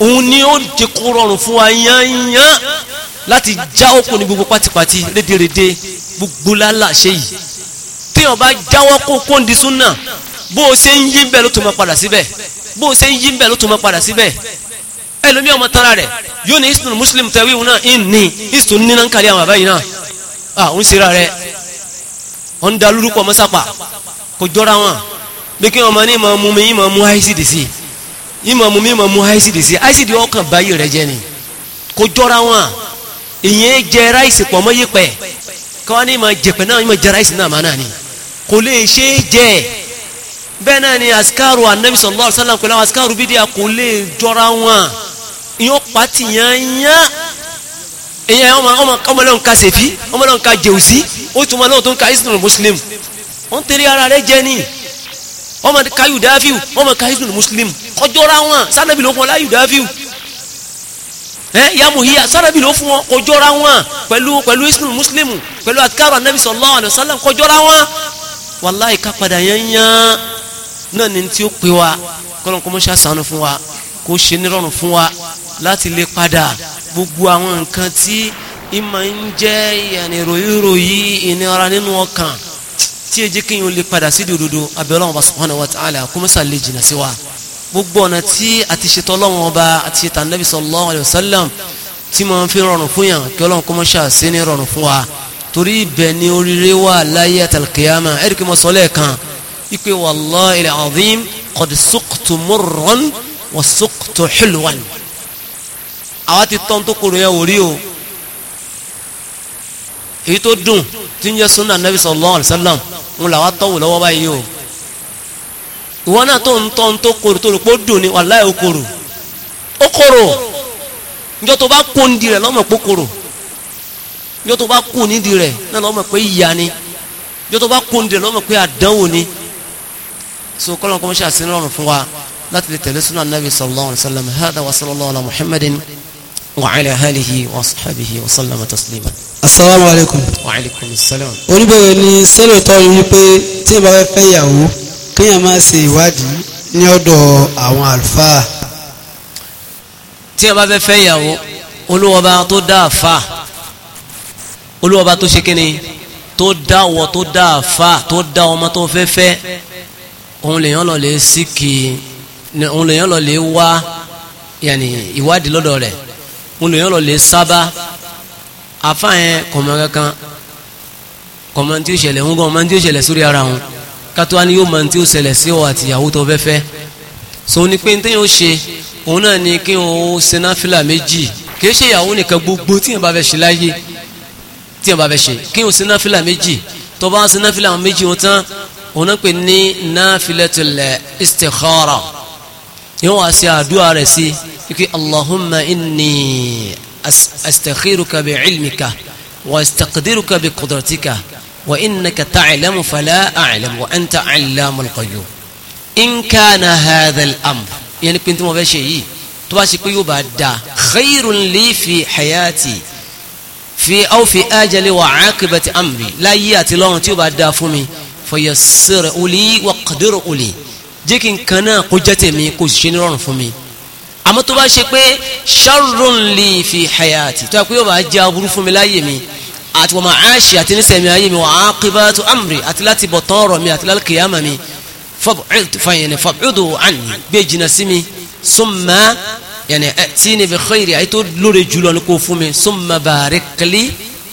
òun ni ó di kó rọrùn fún wa yányán láti já òkun ní gbogbo pátípátí rédèrèdè gbogbo lálàṣe yìí téèyàn bá jáwọ́ kó kóńdí súnà bó o ṣe ń yí bẹ́ẹ̀ ló tún máa padà síbẹ̀ bó o ṣe ń yí bẹ́ẹ̀ ló tún máa padà síbẹ̀ ẹlòmí ọmọ tara rẹ̀ yóò ní islam muslim tẹ̀wé wọn náà ń ní islam nínà ń kárí àwọn àbáyìí náà à ń ṣera rẹ̀ ọ̀ ń da lórúkọ mọ́sápà kò jọra wọn bí kí wọn máa ní ìmọ̀ mú mi ìmọ̀ mú àìsídìí sí ìmọ̀ mú mi ìmọ̀ mú àìsídìí sí àìsídìí ọkàn báyìí rẹ̀ jẹ́ ni kò jọra wọn ìyẹn jẹ ráìsì pọ̀ mọ́ yípẹ́ káwọn ní ìmọ̀ jẹ̀pẹ̀ náà ìmọ̀ jẹ ráìsì náà máa náà ni kò lè ṣe é jẹ bẹ́ẹ̀ náà ni asikaru anabi sallallahu alaihi wasallam pẹ̀lú àwọn asikaru bídíà kò lè jọra wọn ìyẹn pàtì yányá ìyẹn ọmọ ọmọ ọmọlẹ́wọ̀n ka sèfí ọmọlẹ́wọ̀n ka jèwùsí ó tún ọmọlẹ́wọ̀n tó ń ka islam muslim wọ́n tẹ̀lé ara rẹ̀ jẹ́ ni ọmọ ka yudafiu ọmọ ka islam muslim kọjọra wọn sanabi ló fún ọ la yudafiu ẹ yamuhiya sanabi ló fún ọ kọjọra wọn pẹ̀lú pẹ̀lú islam muslim pẹ̀lú adkaru anabi sallallahu alaihi wasallam kọjọra wọn wàláì ká padà yányán náà ni tí ó pè wá kọ́lọ́n kó mọ́ ṣàṣàánú fún wa kó ṣe nírọ̀rùn fún wa láti lè padà gbogbo àwọn nǹkan tí ìmọ̀ ń jẹ́ ìyànì ròyìnròyìn ìnira nínú ọkàn tí èjì kí n ò lè padà sí dòdòdò abẹ́rẹ́ wọn bá wa ta'ala kó mọ́ jìnnà sí wa gbogbo ọ̀nà tí àti ṣetọ́ ọlọ́run ọba àti ṣetà nàbì sallallahu alayhi wa sallam tí mo fi rọrùn fún yàn kí ọlọ́run kó mọ́ ní rọrùn fún wa torí ibẹ̀ ni oríire wà láyé àtàlùkìyàmà ẹ̀ríkì mọ́ sọ́lẹ̀ kan ipe wallahi al-azim qad suqtu murran wa suqtu hulwan àwa ti tán tó kúrò yẹn wò rí o èyí tó dùn tí ń jẹ́ sunna nabi sallallahu alayhi wa sallam ń là wá tọ́wò lọ́wọ́ báyìí o ìwọ náà tó ń tọ́ tó kúrò tó rò pé ó dùn ni wallahi ó kúrò ó kúrò njọ́ tó bá kóńdì rẹ̀ lọ́mọ̀ pé ó kúrò yóò tó bá kù nídìí rẹ̀ náà lọ́mọ pé ìyá ni yóò tó bá kù nídìí rẹ̀ lọ́mọ pé àdánwò ni so kọ́lọ́n kọ́ mọ́ṣẹ́ àṣírí rọrùn fún wa láti lè tẹ̀lé sunan nabi sallallahu alayhi wa sallam hada wa sallallahu ala muhammadin wa ala alihi wa sahabihi wa sallama taslima. asalaamu alaykum. wa alaykum salaam. oníbẹ̀rẹ̀ ni sẹ́lẹ̀ tọ́ ni wípé tí ìbá fẹ́ fẹ́ yàwó kéèyàn máa ṣe ìwádìí ní ọ̀dọ̀ àwọn àlùfáà. tí ìbá fẹ́ fẹ́ yàwó olúwọba tó dá àfáà olúwọba tó ṣe kíni tó dá wọ tó dá àfa tó dá ọmọ tó fẹ́ fẹ́ òun lèèyàn lọ lè síkì òun lèèyàn lọ lè wá yàní ìwádìí lọ́dọ̀ rẹ̀ òun lèèyàn lọ lè sábà àfa yẹn kọ̀mọ̀ kankan kọ̀mọ̀ tí ó ṣẹlẹ̀ ń gan ọmọ tí ó ṣẹlẹ̀ sórí ara wọn kátó wá yóò mọ tí ó ṣẹlẹ̀ sí ọ àti tó fẹ́ fẹ́ so ní pé ní téèyàn ó ṣe òun náà ni kí n ó ṣe méjì kì í ṣe ìyàwó nìkan gbogbo tí yẹn bá fẹ́ ṣe láyé tí wọn bá fẹ́ ṣe kí wọn sin náfìlà méjì tó bá ń sin náfìlà méjì wọn tán wọn náà pè ní náfìlatul istikhara yóò wá sí àdúrà rẹ̀ sí ike allahumma inni astakhiruka bi ilmika wa astaqdiruka bi qudratika wa innaka ta'lamu fala a'lam wa anta 'allamul ghuyub in kana hadha yẹn ni pé wọn fẹ́ ṣe yìí tó bá ṣe pé yóò bá da khairun li fi fi aw fi ajali wa akibati amri láyé àti lọ́run tí ó bá dáa fún mi fayassir uli wa qadir uli jẹ́ kí n kan náà kó jẹ́ tèmi kó ṣe ní rọrùn fún mi àmọ́ tó bá ṣe pé sharrun li fi hayati tó yà pé yóò bá jẹ́ aburú fún mi láyé mi àti wọ́n máa ṣe àti ní sẹ̀mí mi wa akibatu amri àti láti bọ̀ tán mi àti láti kìyàmà mi fab'ud fayẹnẹ fab'udu anni gbé jìnnà sí mi summa yẹni ẹ tí ni fi xeyiri àyè tó lóore jùlọ ni kò fún mi summa barikli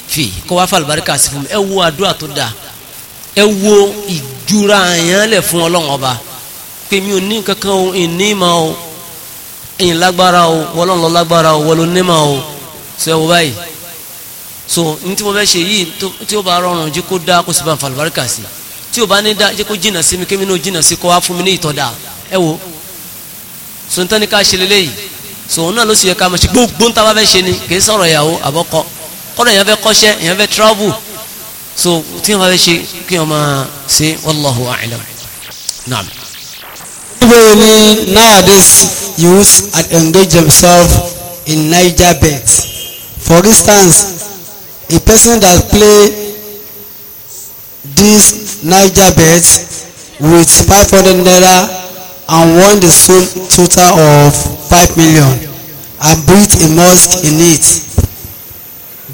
fi kó wá falibarika sí fún mi ẹ wo àdúrà tó da ẹ wo ìjura yẹn lẹ fún Ọlọ́run Ọba pé mi ò ní kankan o ìní ma o ìyìn lágbára o wọlọ́n lọ o wọlọ́n ní ma o sọ wọ báyìí so ní tí mo fẹ́ ṣe yìí tí ó bá rọrùn jí kó dá kó sì bá falibarika sí tí ó bá ní dá jí kó jìnnà sí mi kémi ní o jìnnà sí kó wá fún mi ní ìtọ́da ẹ wo so ní tán sòun náà ló sì yẹ ká máa gbogbo ń tábà fẹ́ ṣe ni kì í sọ̀rọ̀ ìyàwó àbọ̀kọ kọ́dọ̀ èèyàn fẹ́ kọ́ṣẹ́ èèyàn fẹ́ travel so tí wọ́n fẹ́ ṣe kí wọ́n máa ṣe wallahu a'lam naam. people ni nowadays youths engage themselves in Niger bet for instance a person that play this Niger bet with five hundred naira and won the sum total of five million and built a mosque in it.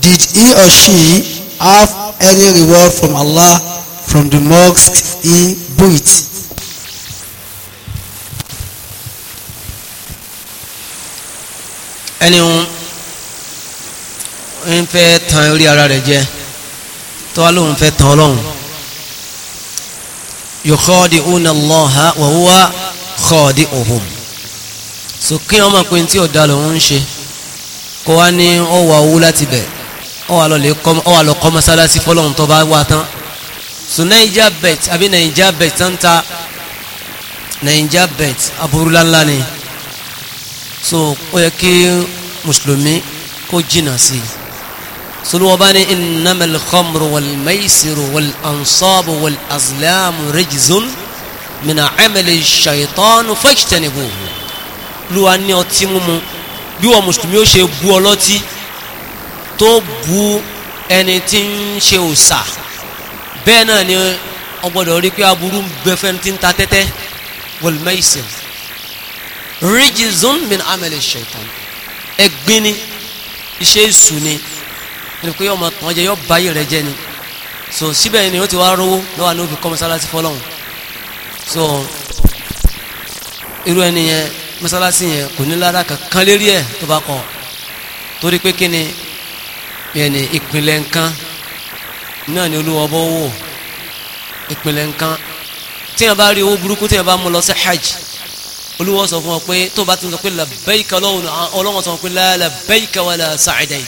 Did he or she have any reward from Allah from the mosque he built? ẹni ń fẹ́ tan orí ara rẹ̀ jẹ tó wá lóun fẹ́ tan ọlọ́run yukhadi'una Allaha wa huwa khadi'uhum so kí wọn máa pe tí ọ̀dà lòun ń ṣe kó wá ní ọwà owó láti bẹ̀ ọwà lọ kọ́ mọ́sálásí fọlọ́run tó bá wà tán so naija bet àbí naija bet tán ta naija bet aburú ni so ó yẹ kí mùsùlùmí kó jìnnà sí i sọlọ́wọ́ bá innamal khamru wal maysiru wal ansabu wal azlamu rejizun mina amali shaitan fajtanibuhu lùwà ní ọtí mímu bí wọn mùsùlùmí ó ṣe bu ọlọ́tí tó bu ẹni tí ń ṣe òòṣà bẹ́ẹ̀ náà ni ó gbọ́dọ̀ rí pé aburú ń bẹ fẹ́ni tí ń ta tẹ́tẹ́ wal shaitan ẹgbin ni iṣẹ́ èṣù ni ẹni pé yọ ọmọ tán jẹ yọ báyìí rẹ jẹ ni so síbẹ̀ ni ó ti wá rówó lọ́wọ́ ní òbí kọ́ fọlọ́hún so irú ẹni yẹn mọ́sálásí yẹn kò ní lára kankan lérí ẹ̀ tó bá kọ́ torí pé kí ni yẹn ni ìpìlẹ̀ nǹkan náà ni olúwa bọ́ wò ìpìlẹ̀ nǹkan tí yẹn bá rí owó burúkú tí yẹn bá mú lọ sí hajj olúwa sọ fún ọ pé tó bá ti sọ pé labbaika lọ́wọ́n ọlọ́wọ́n sọ pé la labbaika wala sa'daik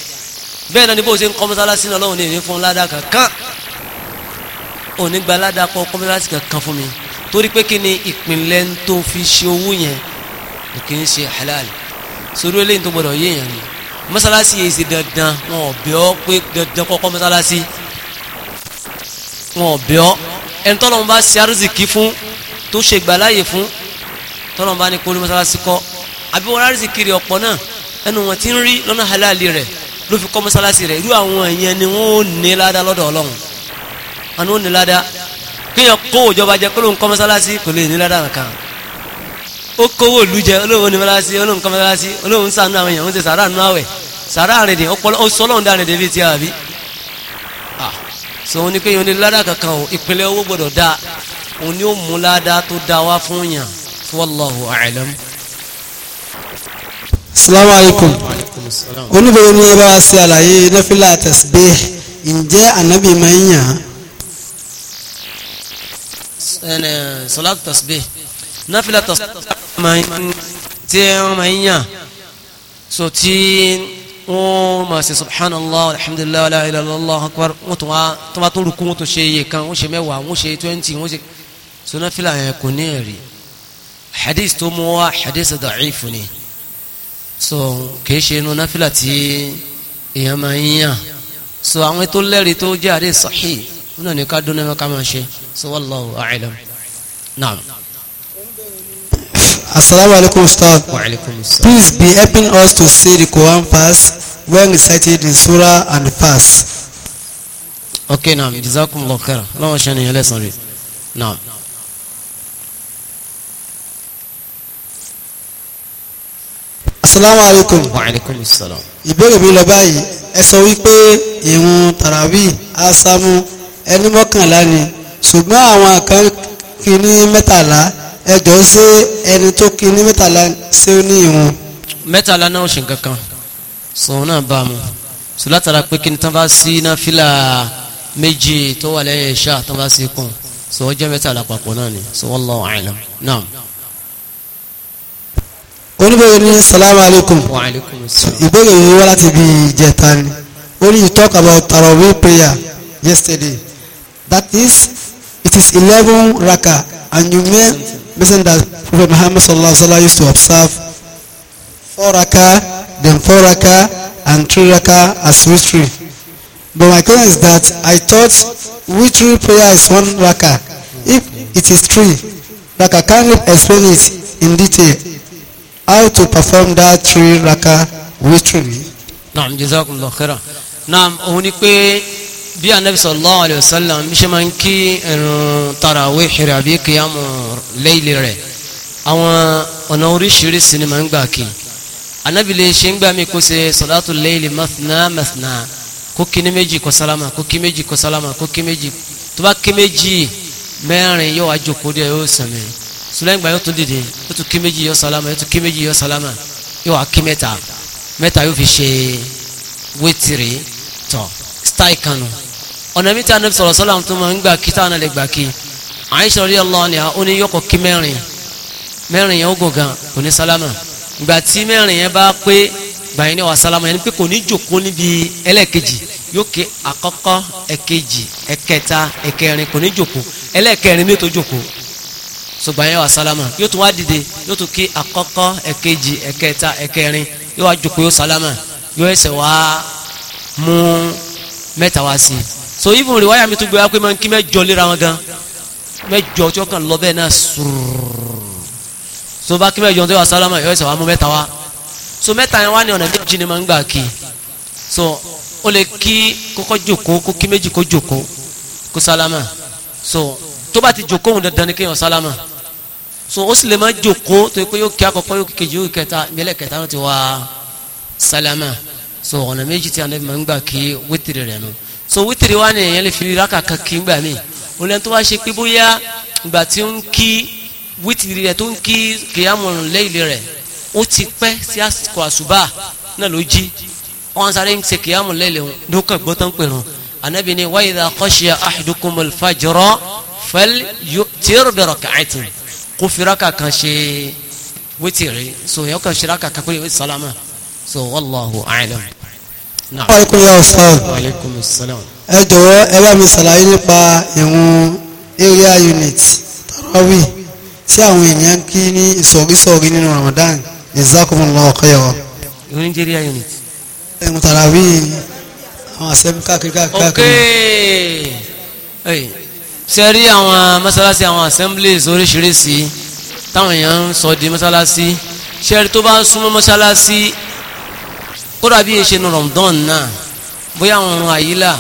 bẹ́ẹ̀ náà ni bó ṣe ń kọ́ mọ́sálásí náà lọ́wọ́n ní ìní fún ládàá kankan òní gba ládàá kọ́ mọ́sálásí kankan fún mi torí pé kí ni ìpínlẹ̀ ń tó fi ṣe owó yẹn kò kí ń ṣe halal sórí eléyìí tó gbọdọ̀ yé yẹn ni Masalasi yìí ṣe dandan wọn ò bẹ̀ ọ́ pé dandan kọ́kọ́ mọ́sálásí wọn ò bẹ̀ ọ́ ẹni tọ́lọ́ bá ṣe arúzìkí fún tó ṣe gbàláyè fún tọ́lọ́ bá ní kórí mọ́sálásí kọ́ àbí wọn arúzìkí rẹ̀ ọ̀pọ̀ náà ẹnu wọn ti ń rí lọ́nà halal rẹ̀ ló fi kọ́ mọ́sálásí rẹ̀ irú àwọn èèyàn ni wọ́n ò ní ládàá lọ́dọ̀ ọlọ́run àwọn ò ní ládàá kéèyàn kó òjọba jẹ kó ló ń kọ́ mọ́sálásí kò lè ní ládàá kan ó kówó ìlú jẹ olóhùn ní mọ́sálásí olóhùn kọ́ mọ́sálásí olóhùn sànú àwọn èèyàn ń ṣe sàrà nù àwẹ̀ sàrà àrìndì ọpọlọ ọsọlọ́hùn dàrìndì bíi ti àbí sọ wọn ni kéèyàn ní ládàá kankan o ìpínlẹ̀ owó gbọ́dọ̀ dáa òun ni ó mú ládàá tó dáa wá fún yàn wallahu a'lam salamu alaikum oníbẹ̀rẹ̀ ní ẹ bá wa ṣe àlàyé nafila tasbih ǹjẹ́ ànábì máa ń yàn sọláàtù tasbih náfìlà tasbih tí wọ́n máa ń yàn so tí wọ́n máa ṣe subhanallah alhamdulillah wa la ilaha illallah akbar wọ́n tún wá tó bá tó rúkú wọ́n tún ṣe iye kan wọ́n ṣe mẹ́wàá wọ́n ṣe twenty wọ́n ṣe so náfìlà yẹn kò ní ẹ̀rí hadith tó mú wá hadith da'if ni so kìí ṣe inú náfìlà tí èèyàn máa ń so àwọn ètò lẹ́rìí tó jẹ́ hadith sahih ó náà ní ká dún náà ká máa ṣe so wallahu a'lam naam. Assalamualaikum Ustaz. Waalaikum Ustaz. Please be helping us to see the Quran verse when recited in surah and verse. Okay, naam. Jazakumullahu khairan. Ọlọ́run ṣe nìyẹn lẹ́sàn-án rẹ̀. Naam. Assalamu alaikum. Wa alaikum salam. Ìbéèrè mi lọ báyìí, ẹ sọ wípé ìrun tàràwí, ásámú, ẹni mọ́kànlá ni ṣùgbọ́n àwọn kan kí ní mẹ́tàlá ẹjọ́ ṣé ẹni tó kí ní mẹ́tàlá ṣé ó ní ìwọ̀n. mẹ́tàlá náà ò ṣe nǹkan kan sọ̀rọ̀ náà bá a mọ̀ sọ látara pé kí ni tán bá sí iná fílà méjì tó wà lẹ́yìn ìṣá tán bá sí kùn sọ jẹ́ mẹ́tàlá papọ̀ náà ni sọ wallahu a'lam náà. oníbẹ̀rẹ̀ ní salamu alaykum ìbéèrè yìí wá láti bí ìjẹta ni ó ní you talk about tarawih prayer yesterday That is, it is 11 raka. And you may mention that Prophet Muhammad sallallahu alaihi wasallam used to observe four raka, then four raka, and three raka as witri. But my question is that I thought witri prayer is one raka. If it is three raka, can you explain it in detail? How to perform that three raka witri? Naam, jazakumullah khairan. Naam, òun ni pé bí anabi sallallahu alayhi wa sallam bí ṣe máa ń kí irun tarawih rẹ̀ àbí kíyàmù layli rẹ̀ àwọn ọ̀nà oríṣiríṣi ni máa ń gbà kí anabi lè ṣe ń gbà mí kó ṣe salatu layli mathna mathna kó kí ní méjì kó sálámà kó kí méjì kó sálámà kó kí méjì tó bá kí méjì mẹ́rin yóò wá jókòó díẹ̀ yóò sẹ̀mí sùlẹ́yìn gbà yóò tún dìde yóò tún kí méjì yóò sálámà yóò tún kí méjì yóò sálámà yóò wá kí mẹ́ta mẹ́ta yóò fi ṣe wétìrì tọ̀ stáì kanu ọ̀nà mi tí anabi sọ̀rọ̀ sọ́lá tó máa ń gbà kí táwọn náà lè gbà kí Aisha radiyallahu anha ó ní yọkọ̀ kí mẹ́rin mẹ́rin yẹn ó gùn gan kò ní sálámà ìgbà tí mẹ́rin yẹn bá pé gbàyìn ní wa sálámà yẹn ni pé kò ní jòkó níbi ẹlẹ́ẹ̀kejì yóò ké àkọ́kọ́ ẹ̀kejì ẹ̀kẹta ẹ̀kẹrin kò ní jòkó ẹlẹ́ẹ̀kẹrin ní ètò jòkó sọgbà yẹn wa sálámà yóò tún wá dìde yóò tún ké àkọ́kọ́ ẹ̀kejì ẹ̀kẹta ẹ̀kẹrin yóò wá jòkó yóò sálámà yóò ẹsẹ̀ wá mú mẹ́ta wá sí i so even riwaya mi tún gbé wa pé máa ń kí mẹ́jọ lera wọn gan mẹ́jọ tí wọ́n kàn lọ bẹ́ẹ̀ náà sùrùrù so bá kí mẹ́jọ tó wà sálámà yọ ẹsẹ̀ wa mú mẹ́ta wa so mẹ́ta yẹn wá ní ọ̀nà méjì ni máa ń gbà kí so ó lè kí kókó jòkó kó kí méjì kó jòkó kó sálámà so tó bá ti jòkó òun dandan ni kéèyàn sálámà so ó sì lè má jòkó tó yẹ pé yóò kí àkọ́kọ́ yóò kí kejì yóò kẹta mílẹ̀ kẹta náà ti wá sálámà so ọ̀nà méjì tí a máa ń gbà kí wítìrì rẹ̀ nù. No so wítìrì wá ní èèyàn lè fi rákà kan kí ngbà míì òun lẹ́nu tó wá ṣe pé bóyá ìgbà tí ó ń kí wítìrì rẹ̀ tó ń kí kìyàmùrùn lẹ́yìn rẹ̀ ó ti pẹ́ sí àsìkò àṣùbà náà ló jí wọn sáré ń ṣe kìyàmùrùn lẹ́yìn òun ló kàn gbọ́ tán pèrún anabi ni wa idha khashiya ahadukumul fajra falyutir bi rak'atin kó fi rákà kan ṣe wítìrì so èèyàn aleykum ya ustaz. alaykum salaam. ẹ jọ̀wọ́ ẹ bá mi ṣàlàyé nípa ìrun area unit tarawih tí àwọn ènìyàn ń kí ní ìsọ̀rísọ̀rí nínú Ramadan jazakumullahu khairan. ìrun area unit. ìrun tarawih àwọn àṣẹbí káàkiri káàkiri. ok ṣe rí àwọn mọ́sálásí àwọn assemblies oríṣiríṣi táwọn èèyàn ń sọ di mọ́sálásí ṣe rí tó bá ń súnmọ́ mọ́sálásí kódà bí èṣe nu rọ̀mùdán náà bóyá àwọn ọ̀run àyílà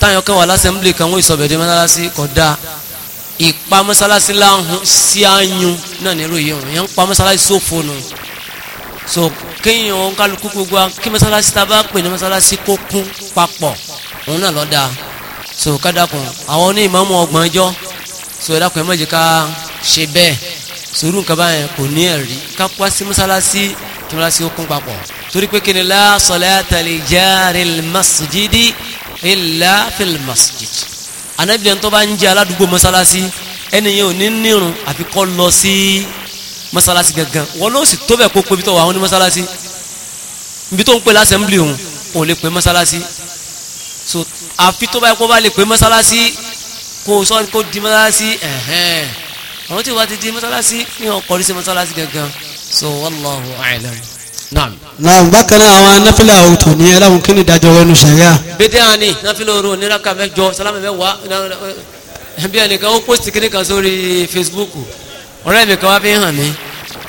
táyọ̀ kan wà lásẹ̀mílì kan wọ́n ìsọ̀bẹ̀dẹ̀ mọ́sálásí kódà ìpa mọ́sálásí láhùn sí àyùn náà nírú yìí òun yẹn ń pa mọ́sálásí sófo nù so kéèyàn kálukú gbogbo kí mọ́sálásí tá a bá pè ní mọ́sálásí kó kún papọ̀ òun náà ló dáa so kádàkùn àwọn oní ìmọ̀ọ́mù ọgbọ̀n ọjọ́ so ẹ̀dàkùn ẹ̀ mọ̀jì ká ṣe bẹ́ẹ̀ sùúrù nǹkan báyẹn kò ní ẹ̀rí ká kó sí mọ́sálásí kí mọ́sálásí ó kún papọ̀ torí pé kí ni la salata li jaril masjidi illa fil masjid anábìyẹn tó bá ń jẹ́ aládùúgbò mọ́sálásí ẹnìyẹn ò ní nírun àfi kọ́ lọ sí mọ́sálásí gangan wọn ló sì tó bẹ̀ kó pebi tó wà wọn ní mọ́sálásí ibi tó ń pè lásẹ̀mblì òun ò lè pè mọ́sálásí so àfi tó bá yẹ kó bá lè pè mọ́sálásí kó sọ kó di mọ́sálásí ẹ̀hẹ́n àwọn tí wàá ti di mọ́sálásí ní ọkọ̀rí sí mọ́sálásí gangan so wallahu a'lam naam. naam bákan náà àwọn anáfílà òtò ní ẹlẹ́wọ̀n kí ni ìdájọ́ wọnú sẹ̀ríà. bídẹ́ àní náfílà òru oníraka mẹ́jọ sálámà mẹ́wàá bí ẹnìkan ó pósìtì kíní kan sórí Facebook ọ̀rẹ́ mi kan wá fi hàn mí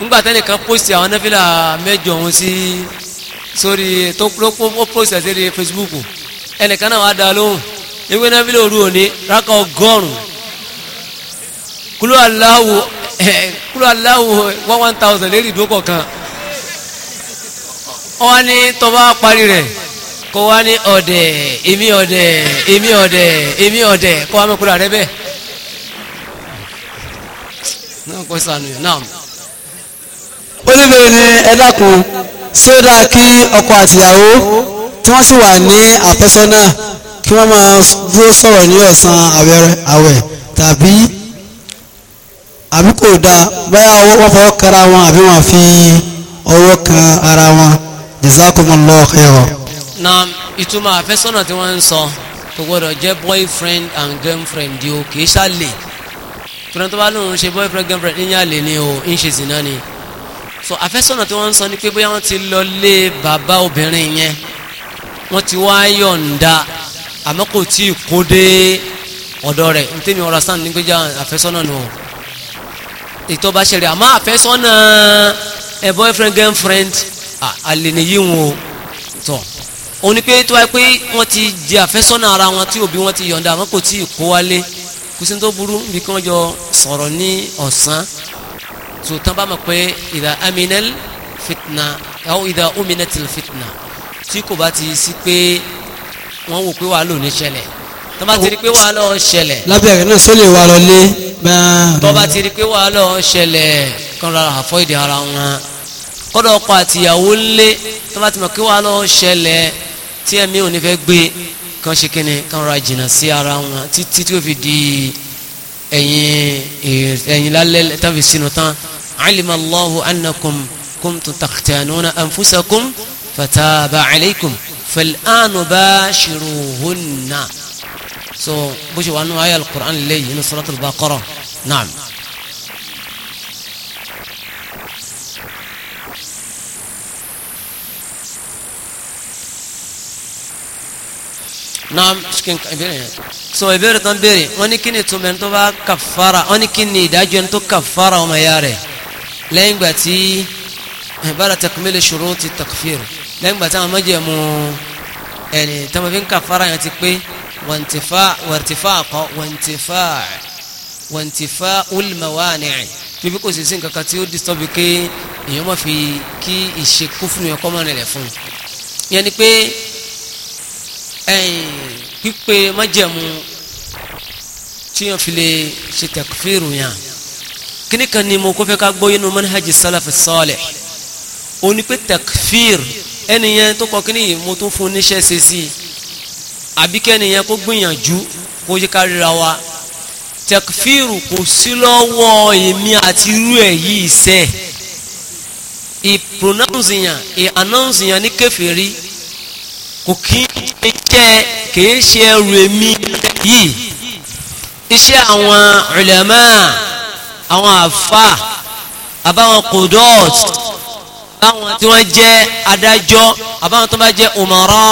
ńgbà tẹ́nìkan pósìtì àwọn náfílà mẹ́jọ òun sí sórí tó ó pósìtì sí Facebook ẹnìkan náà wá dá lóhùn ewé náfílà òru òní rákà ọgọ́rùn-ún kúlú aláwo kúlú aláwo one thousand lérí ìdúró kọ̀ọ̀kan wọ́n á ní tọ́ba parí rẹ̀ kó wá ní ọ̀dẹ̀ èmi ọ̀dẹ̀ èmi ọ̀dẹ̀ èmi ọ̀dẹ̀ kó wá mẹ́kúrò rẹ bẹ́ẹ̀ náà kó sànù ni ẹ dákun ṣé ó dáa kí ọkọ àtìyàwó tí wọ́n sì wà ní àfẹ́sọ́nà kí wọ́n máa dúró sọ̀rọ̀ ní ọ̀sán àwẹ̀ tàbí àbí kò dáa báyà wọ́n fọwọ́ kara wọn àbí wọ́n fi ọwọ́ kan ara wọn jazakumullahu khairan. na ìtumọ̀ àfẹ́sọ́nà tí wọ́n ń sọ kò gbọ́dọ̀ jẹ́ boyfriend and girlfriend di o kì í ṣàlè tùrọ̀ntọ́ bá lóun ṣe boyfriend girlfriend ní yàlè ni o ń ṣe zina ni so àfẹ́sọ́nà tí wọ́n ń sọ ni pé bóyá wọ́n ti lọ lé bàbá obìnrin yẹn wọ́n ti wá yọ̀ǹda àmọ́ kò tí ì kó dé ọ̀dọ̀ rẹ̀ ntẹ́mi ọ̀rọ̀ sáà ní àfẹ́sọ́nà nù. No ìtọ́ba ṣẹlẹ̀ àmọ́ àfẹ́sọ́nà ẹ̀ boyfriend girlfriend àlè nìyí wọn o tọ̀ ó ní pé tó wáyé pé wọ́n ti jẹ àfẹ́sọ́nà ara wọn tí òbí wọn ti yọ̀ǹda àmọ́ kò tí ì kó wálé kò tó burú bí kí wọ́n jọ sọ̀rọ̀ ní ọ̀sán tó tán bá mọ̀ pé ìdá aminel fitna àwọn ìdá ominetil fitna tí kò bá ti sí pé wọ́n wò pé wàá lò ní ṣẹlẹ̀ tán bá ti rí pé wàá lọ ṣẹlẹ̀. lábẹ́ rẹ̀ náà sólè wa lọ lé. أكبر tó bá ti rí pé wàhálà ń ṣẹlẹ̀ kan rárá àfọ́ìdì ara wọn kọ́dọ̀ ọkọ àtìyàwó ńlé tó bá ti mọ̀ pé wàhálà ń ṣẹlẹ̀ tí ẹ̀mí ò ní fẹ́ gbé kan ṣe kíni kan rárá jìnnà sí ara wọn títí tí ó fi di ẹ̀yìn ẹ̀yìn lálẹ́ tàbí sínú tán alima Allahu annakum kuntum takhtanuna anfusakum fataba alaykum fal-ana bashiruhunna so bó ṣe wà nù ayé alukur'an lẹ́yìn ní suratul baqara naam. naam ṣìkìn ìbéèrè yẹn so ìbéèrè tán béèrè wọn ní kí ni túnbẹ̀ tó bá kàfàrà wọn ní kí ni ìdájọ́ tó kàfàrà ọmọ ya rẹ̀ lẹ́yìn ìgbà tí ìbára eh, takmili shuruti takfir lẹ́yìn ìgbà tí àwọn májẹ̀mú ẹni tọmọ fi ń yẹn ti pé. وانتفاع وارتفاق وانتفاع وانتفاع الموانع bíbí kò sì sí nǹkan kan tí ó disturb pé èèyàn má fi kí ìṣekú fún yẹn kọ́ mọ́ rẹ̀ fún un yẹn ni pé pípé májẹ̀mú tí yẹn fi lè ṣe takfiru yẹn kíní kan ni mo kó fẹ́ ká gbọ́ yín nu manhaji salaf salih ó ní pé takfir ẹnìyẹn tó kọ kíní yìí mo tún fún un níṣẹ́ ṣe sí i àbíkẹ́ni yẹn kó gbìyànjú kó yí ká ríra wa tẹkfíìrù kò sí lọ́wọ́ èmi àti irú ẹ̀ yìí sẹ́ ìpronounce yàn ìannounce yàn ní kèfèrí kò kí ń jẹ́ kìí ṣe ẹrù èmi yìí iṣẹ́ àwọn ulama àwọn àfa àbáwọn kòdọ́ọ̀tì báwọn tí wọ́n jẹ́ adájọ́ àbáwọn tó bá jẹ́ umara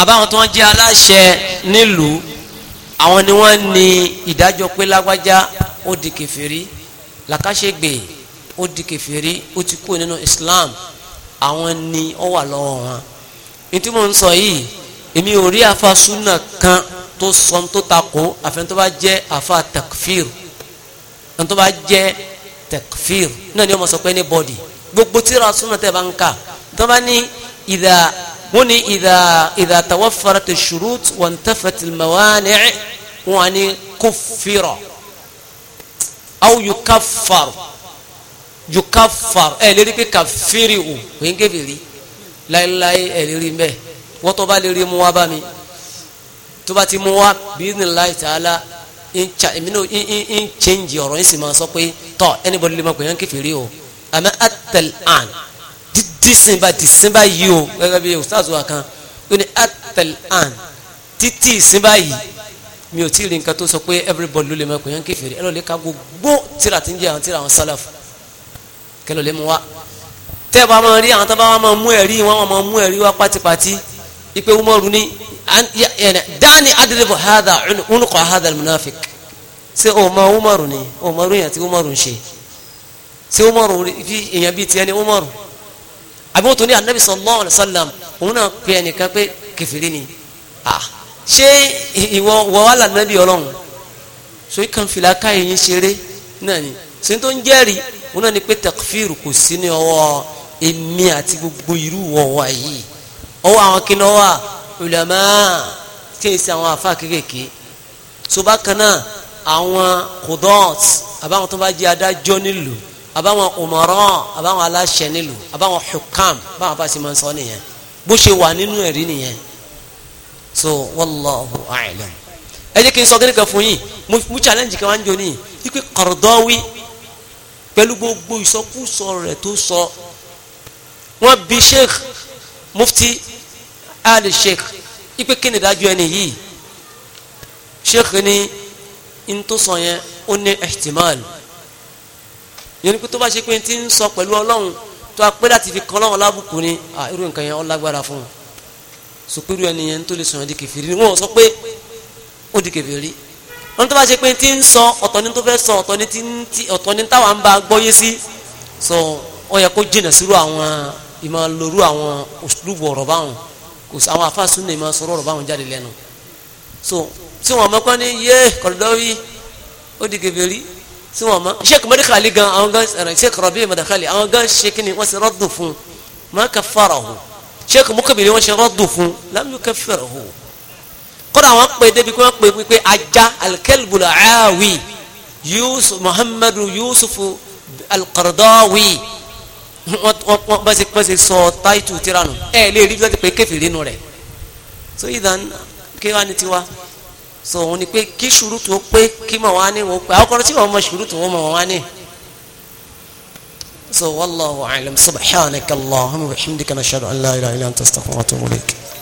àbáwọn tó ń jẹ́ aláṣẹ nílùú àwọn ni wọ́n ní ìdájọ́ pé lágbájá ó di kèfèrí làkàṣègbè ó di kèfèrí ó ti kú nínú Islam àwọn ni ó wà lọ́wọ́ wọn ní tí mò ń sọ yìí èmi ò rí afa súnà kan tó sọ tó takò àfẹn tó bá jẹ́ afa takfir àfẹn tó bá jẹ́ takfir náà ni wọ́n sọ pé ní bọ́dì gbogbo tíra súnà tẹ́ bá ń kà tó bá ní ìdá wọ́n ní ìdá ìdá tawafarati shurut wọn tafati mawani wọn ni kufira aw yukaffar yukaffar ẹ lè rí pé kàfírí o kò ń kébìrì láéláé ẹ lè rí mbẹ wọ́n tó bá lè rí mu wá bá mi tó bá ti mu wá bíníláì tààlà èmi náà ń change ọ̀rọ̀ ń sì máa sọ pé tọ́ anybody lè máa pè yàn kèfèrí o àmọ́ atal an tí sin bá ti sin bá yìí o gẹ́gẹ́ bí ustaz wa kan ó ní atalan títí sin bá yìí mi ò tí ì rí nǹkan tó sọ pé everybody ló lè máa pèyàn kéferì ẹ lọ lè ka gbogbo tíra tí ń jẹ àwọn tíra àwọn sálàfù kẹ lọ lè mú wa tẹ bá máa rí àwọn tó bá máa mú ẹ̀rí wọn wọn máa mú ẹ̀rí wa pátípátí ipe umaru ni dani adribu hada unuqa hada almunafik ṣé o ma umaru ni umaru yẹn ti umaru ń ṣe ṣé umaru fi èèyàn bíi tiẹ̀ ni umaru àbí wọn tó ní anabi sallallahu alayhi wa sallam òun náà pe ẹnìkan pé kẹfìrí ni ah ṣé ìwọ wọ wà lànàbí Ọlọ́run so ikan fìlà káyé yín ṣeré náà ni sí tó ń jẹ́rìí òun náà ni pé takfiru kò sí ní ọwọ́ èmi àti gbogbo irú wọ̀wá yìí ọwọ́ àwọn kíni ọwọ́ ulama kéèsì àwọn afa kékèké so bákan náà àwọn kudọ́t àbáwọn tó bá jẹ́ adájọ́ nílùú àbáwọn umara àbáwọn aláṣẹ nílùú àbáwọn hukam báwọn bá sì máa ń sọ nìyẹn bó ṣe wà nínú ẹ̀rí nìyẹn so wallahu a'lam ẹ jẹ́ kí n sọ kí ni kan fún yín mo challenge kan wá ń jọ ní ipe Qaradawi pẹ̀lú gbogbo ìsọkúsọ rẹ̀ tó sọ wọ́n bi sheikh mufti ali sheikh ipe kí ni dájú ẹni yìí sheikh ni n yẹn ó ní ihtimal yẹn ni pé tó bá ṣe pé ti ń sọ pẹ̀lú ọlọ́run tó a pé láti fi kan ọlọ́run lábùkù ni à irú nǹkan yẹn ó lágbára fún un sùpérù ẹni yẹn tó lè sọ̀rọ̀ di kèfèrí ni wọ́n sọ pé ó di kèfèrí wọ́n tó bá ṣe pé ti ń sọ ọ̀tọ̀ ni tó fẹ́ sọ ọ̀tọ̀ ni ti ọ̀tọ̀ ni táwa ń ba gbọ́yé sí sọ ọ yẹ kó jìnà sírú àwọn ìmọ̀ lóru àwọn òṣùlùbọ̀ ọ̀rọ̀ so tí wọ́n mọ́kàn ní yé kọ̀dọ̀dọ̀ yìí sí wọn ma sheikh madikali gan àwọn gan sheikh rabi madikali àwọn gan sheikh ni wọn sì rọdùn fún ma kaffarahu sheikh mukabili wọn sì rọdùn fún lam yukaffirahu kódà wọn pè débi kí wọn pè wípé ajá alkelbul aawi yusuf muhammadu yusuf alqardawi wọn bá ṣe pèsè sọ táìtù tiranu ẹ lè rí bí wọn ti pè kéfìrí nu rẹ so idan kí wọn ni tiwa so òun ni pé kí ṣùrù tó pé kí mọ̀ wá ní wọ́n pé àwọn ọkùnrin tí wọ́n mọ ṣùrù tó mọ̀ wá ní. so wallahu a'lam subhanaka allahumma wa bihamdika nashhadu an la ilaha illa anta astaghfiruka